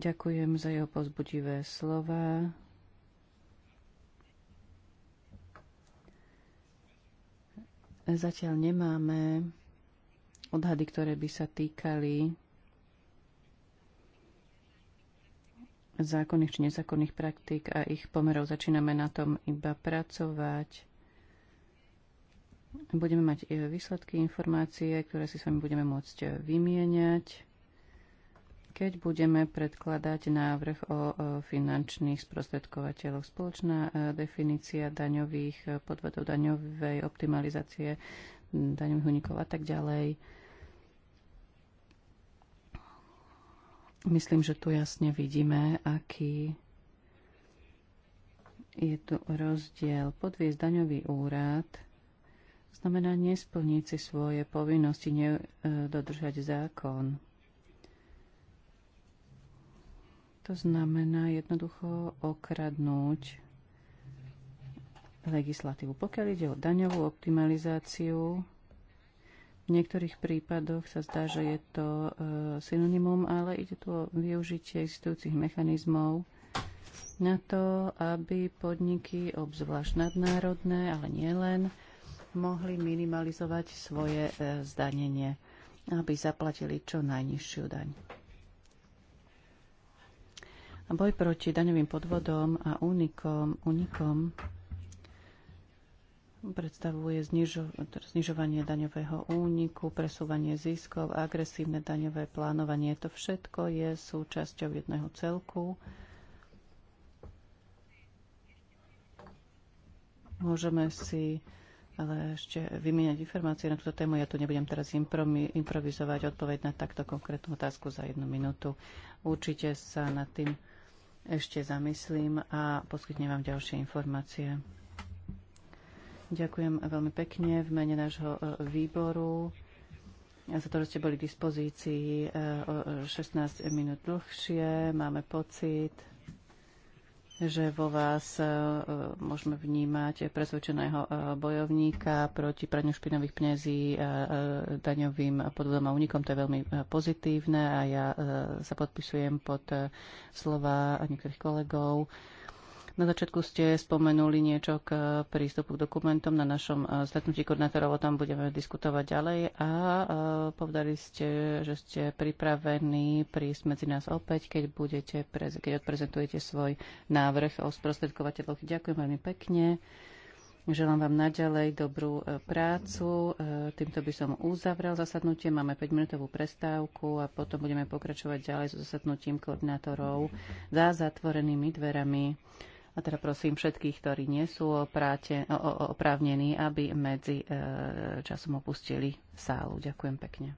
ďakujem za jeho pozbudivé slova. Zatiaľ nemáme odhady, ktoré by sa týkali zákonných či nezákonných praktík a ich pomerov. Začíname na tom iba pracovať. Budeme mať výsledky, informácie, ktoré si s vami budeme môcť vymieňať, keď budeme predkladať návrh o finančných sprostredkovateľov. Spoločná e, definícia daňových podvodov, daňovej optimalizácie, daňových unikov a tak ďalej Myslím, že tu jasne vidíme, aký je tu rozdiel. Podviesť daňový úrad znamená nesplniť si svoje povinnosti, nedodržať zákon. To znamená jednoducho okradnúť legislatívu. Pokiaľ ide o daňovú optimalizáciu, v niektorých prípadoch sa zdá, že je to e, synonymum, ale ide tu o využitie existujúcich mechanizmov na to, aby podniky, obzvlášť nadnárodné, ale nielen, mohli minimalizovať svoje e, zdanenie, aby zaplatili čo najnižšiu daň. Boj proti daňovým podvodom a únikom, únikom predstavuje znižo, teda znižovanie daňového úniku, presúvanie ziskov, agresívne daňové plánovanie. To všetko je súčasťou jedného celku. Môžeme si ale ešte vymieňať informácie na túto tému. Ja tu nebudem teraz improvizovať odpoveď na takto konkrétnu otázku za jednu minútu. Určite sa nad tým ešte zamyslím a poskytnem vám ďalšie informácie. Ďakujem veľmi pekne v mene nášho e, výboru za to, že ste boli k dispozícii e, o 16 e, minút dlhšie. Máme pocit, že vo vás môžeme vnímať presvedčeného bojovníka proti praniu špinových pnezí daňovým podvodom a unikom. To je veľmi pozitívne a ja sa podpisujem pod slova niektorých kolegov na začiatku ste spomenuli niečo k prístupu k dokumentom. Na našom e, stretnutí koordinátorov o tom budeme diskutovať ďalej a e, povedali ste, že ste pripravení prísť medzi nás opäť, keď, budete, keď odprezentujete svoj návrh o sprostredkovateľoch. Ďakujem veľmi pekne. Želám vám naďalej dobrú e, prácu. Týmto by som uzavrel zasadnutie. Máme 5-minútovú prestávku a potom budeme pokračovať ďalej so zasadnutím koordinátorov za zatvorenými dverami. A teda prosím všetkých, ktorí nie sú opráte, o, o, oprávnení, aby medzi e, časom opustili sálu. Ďakujem pekne.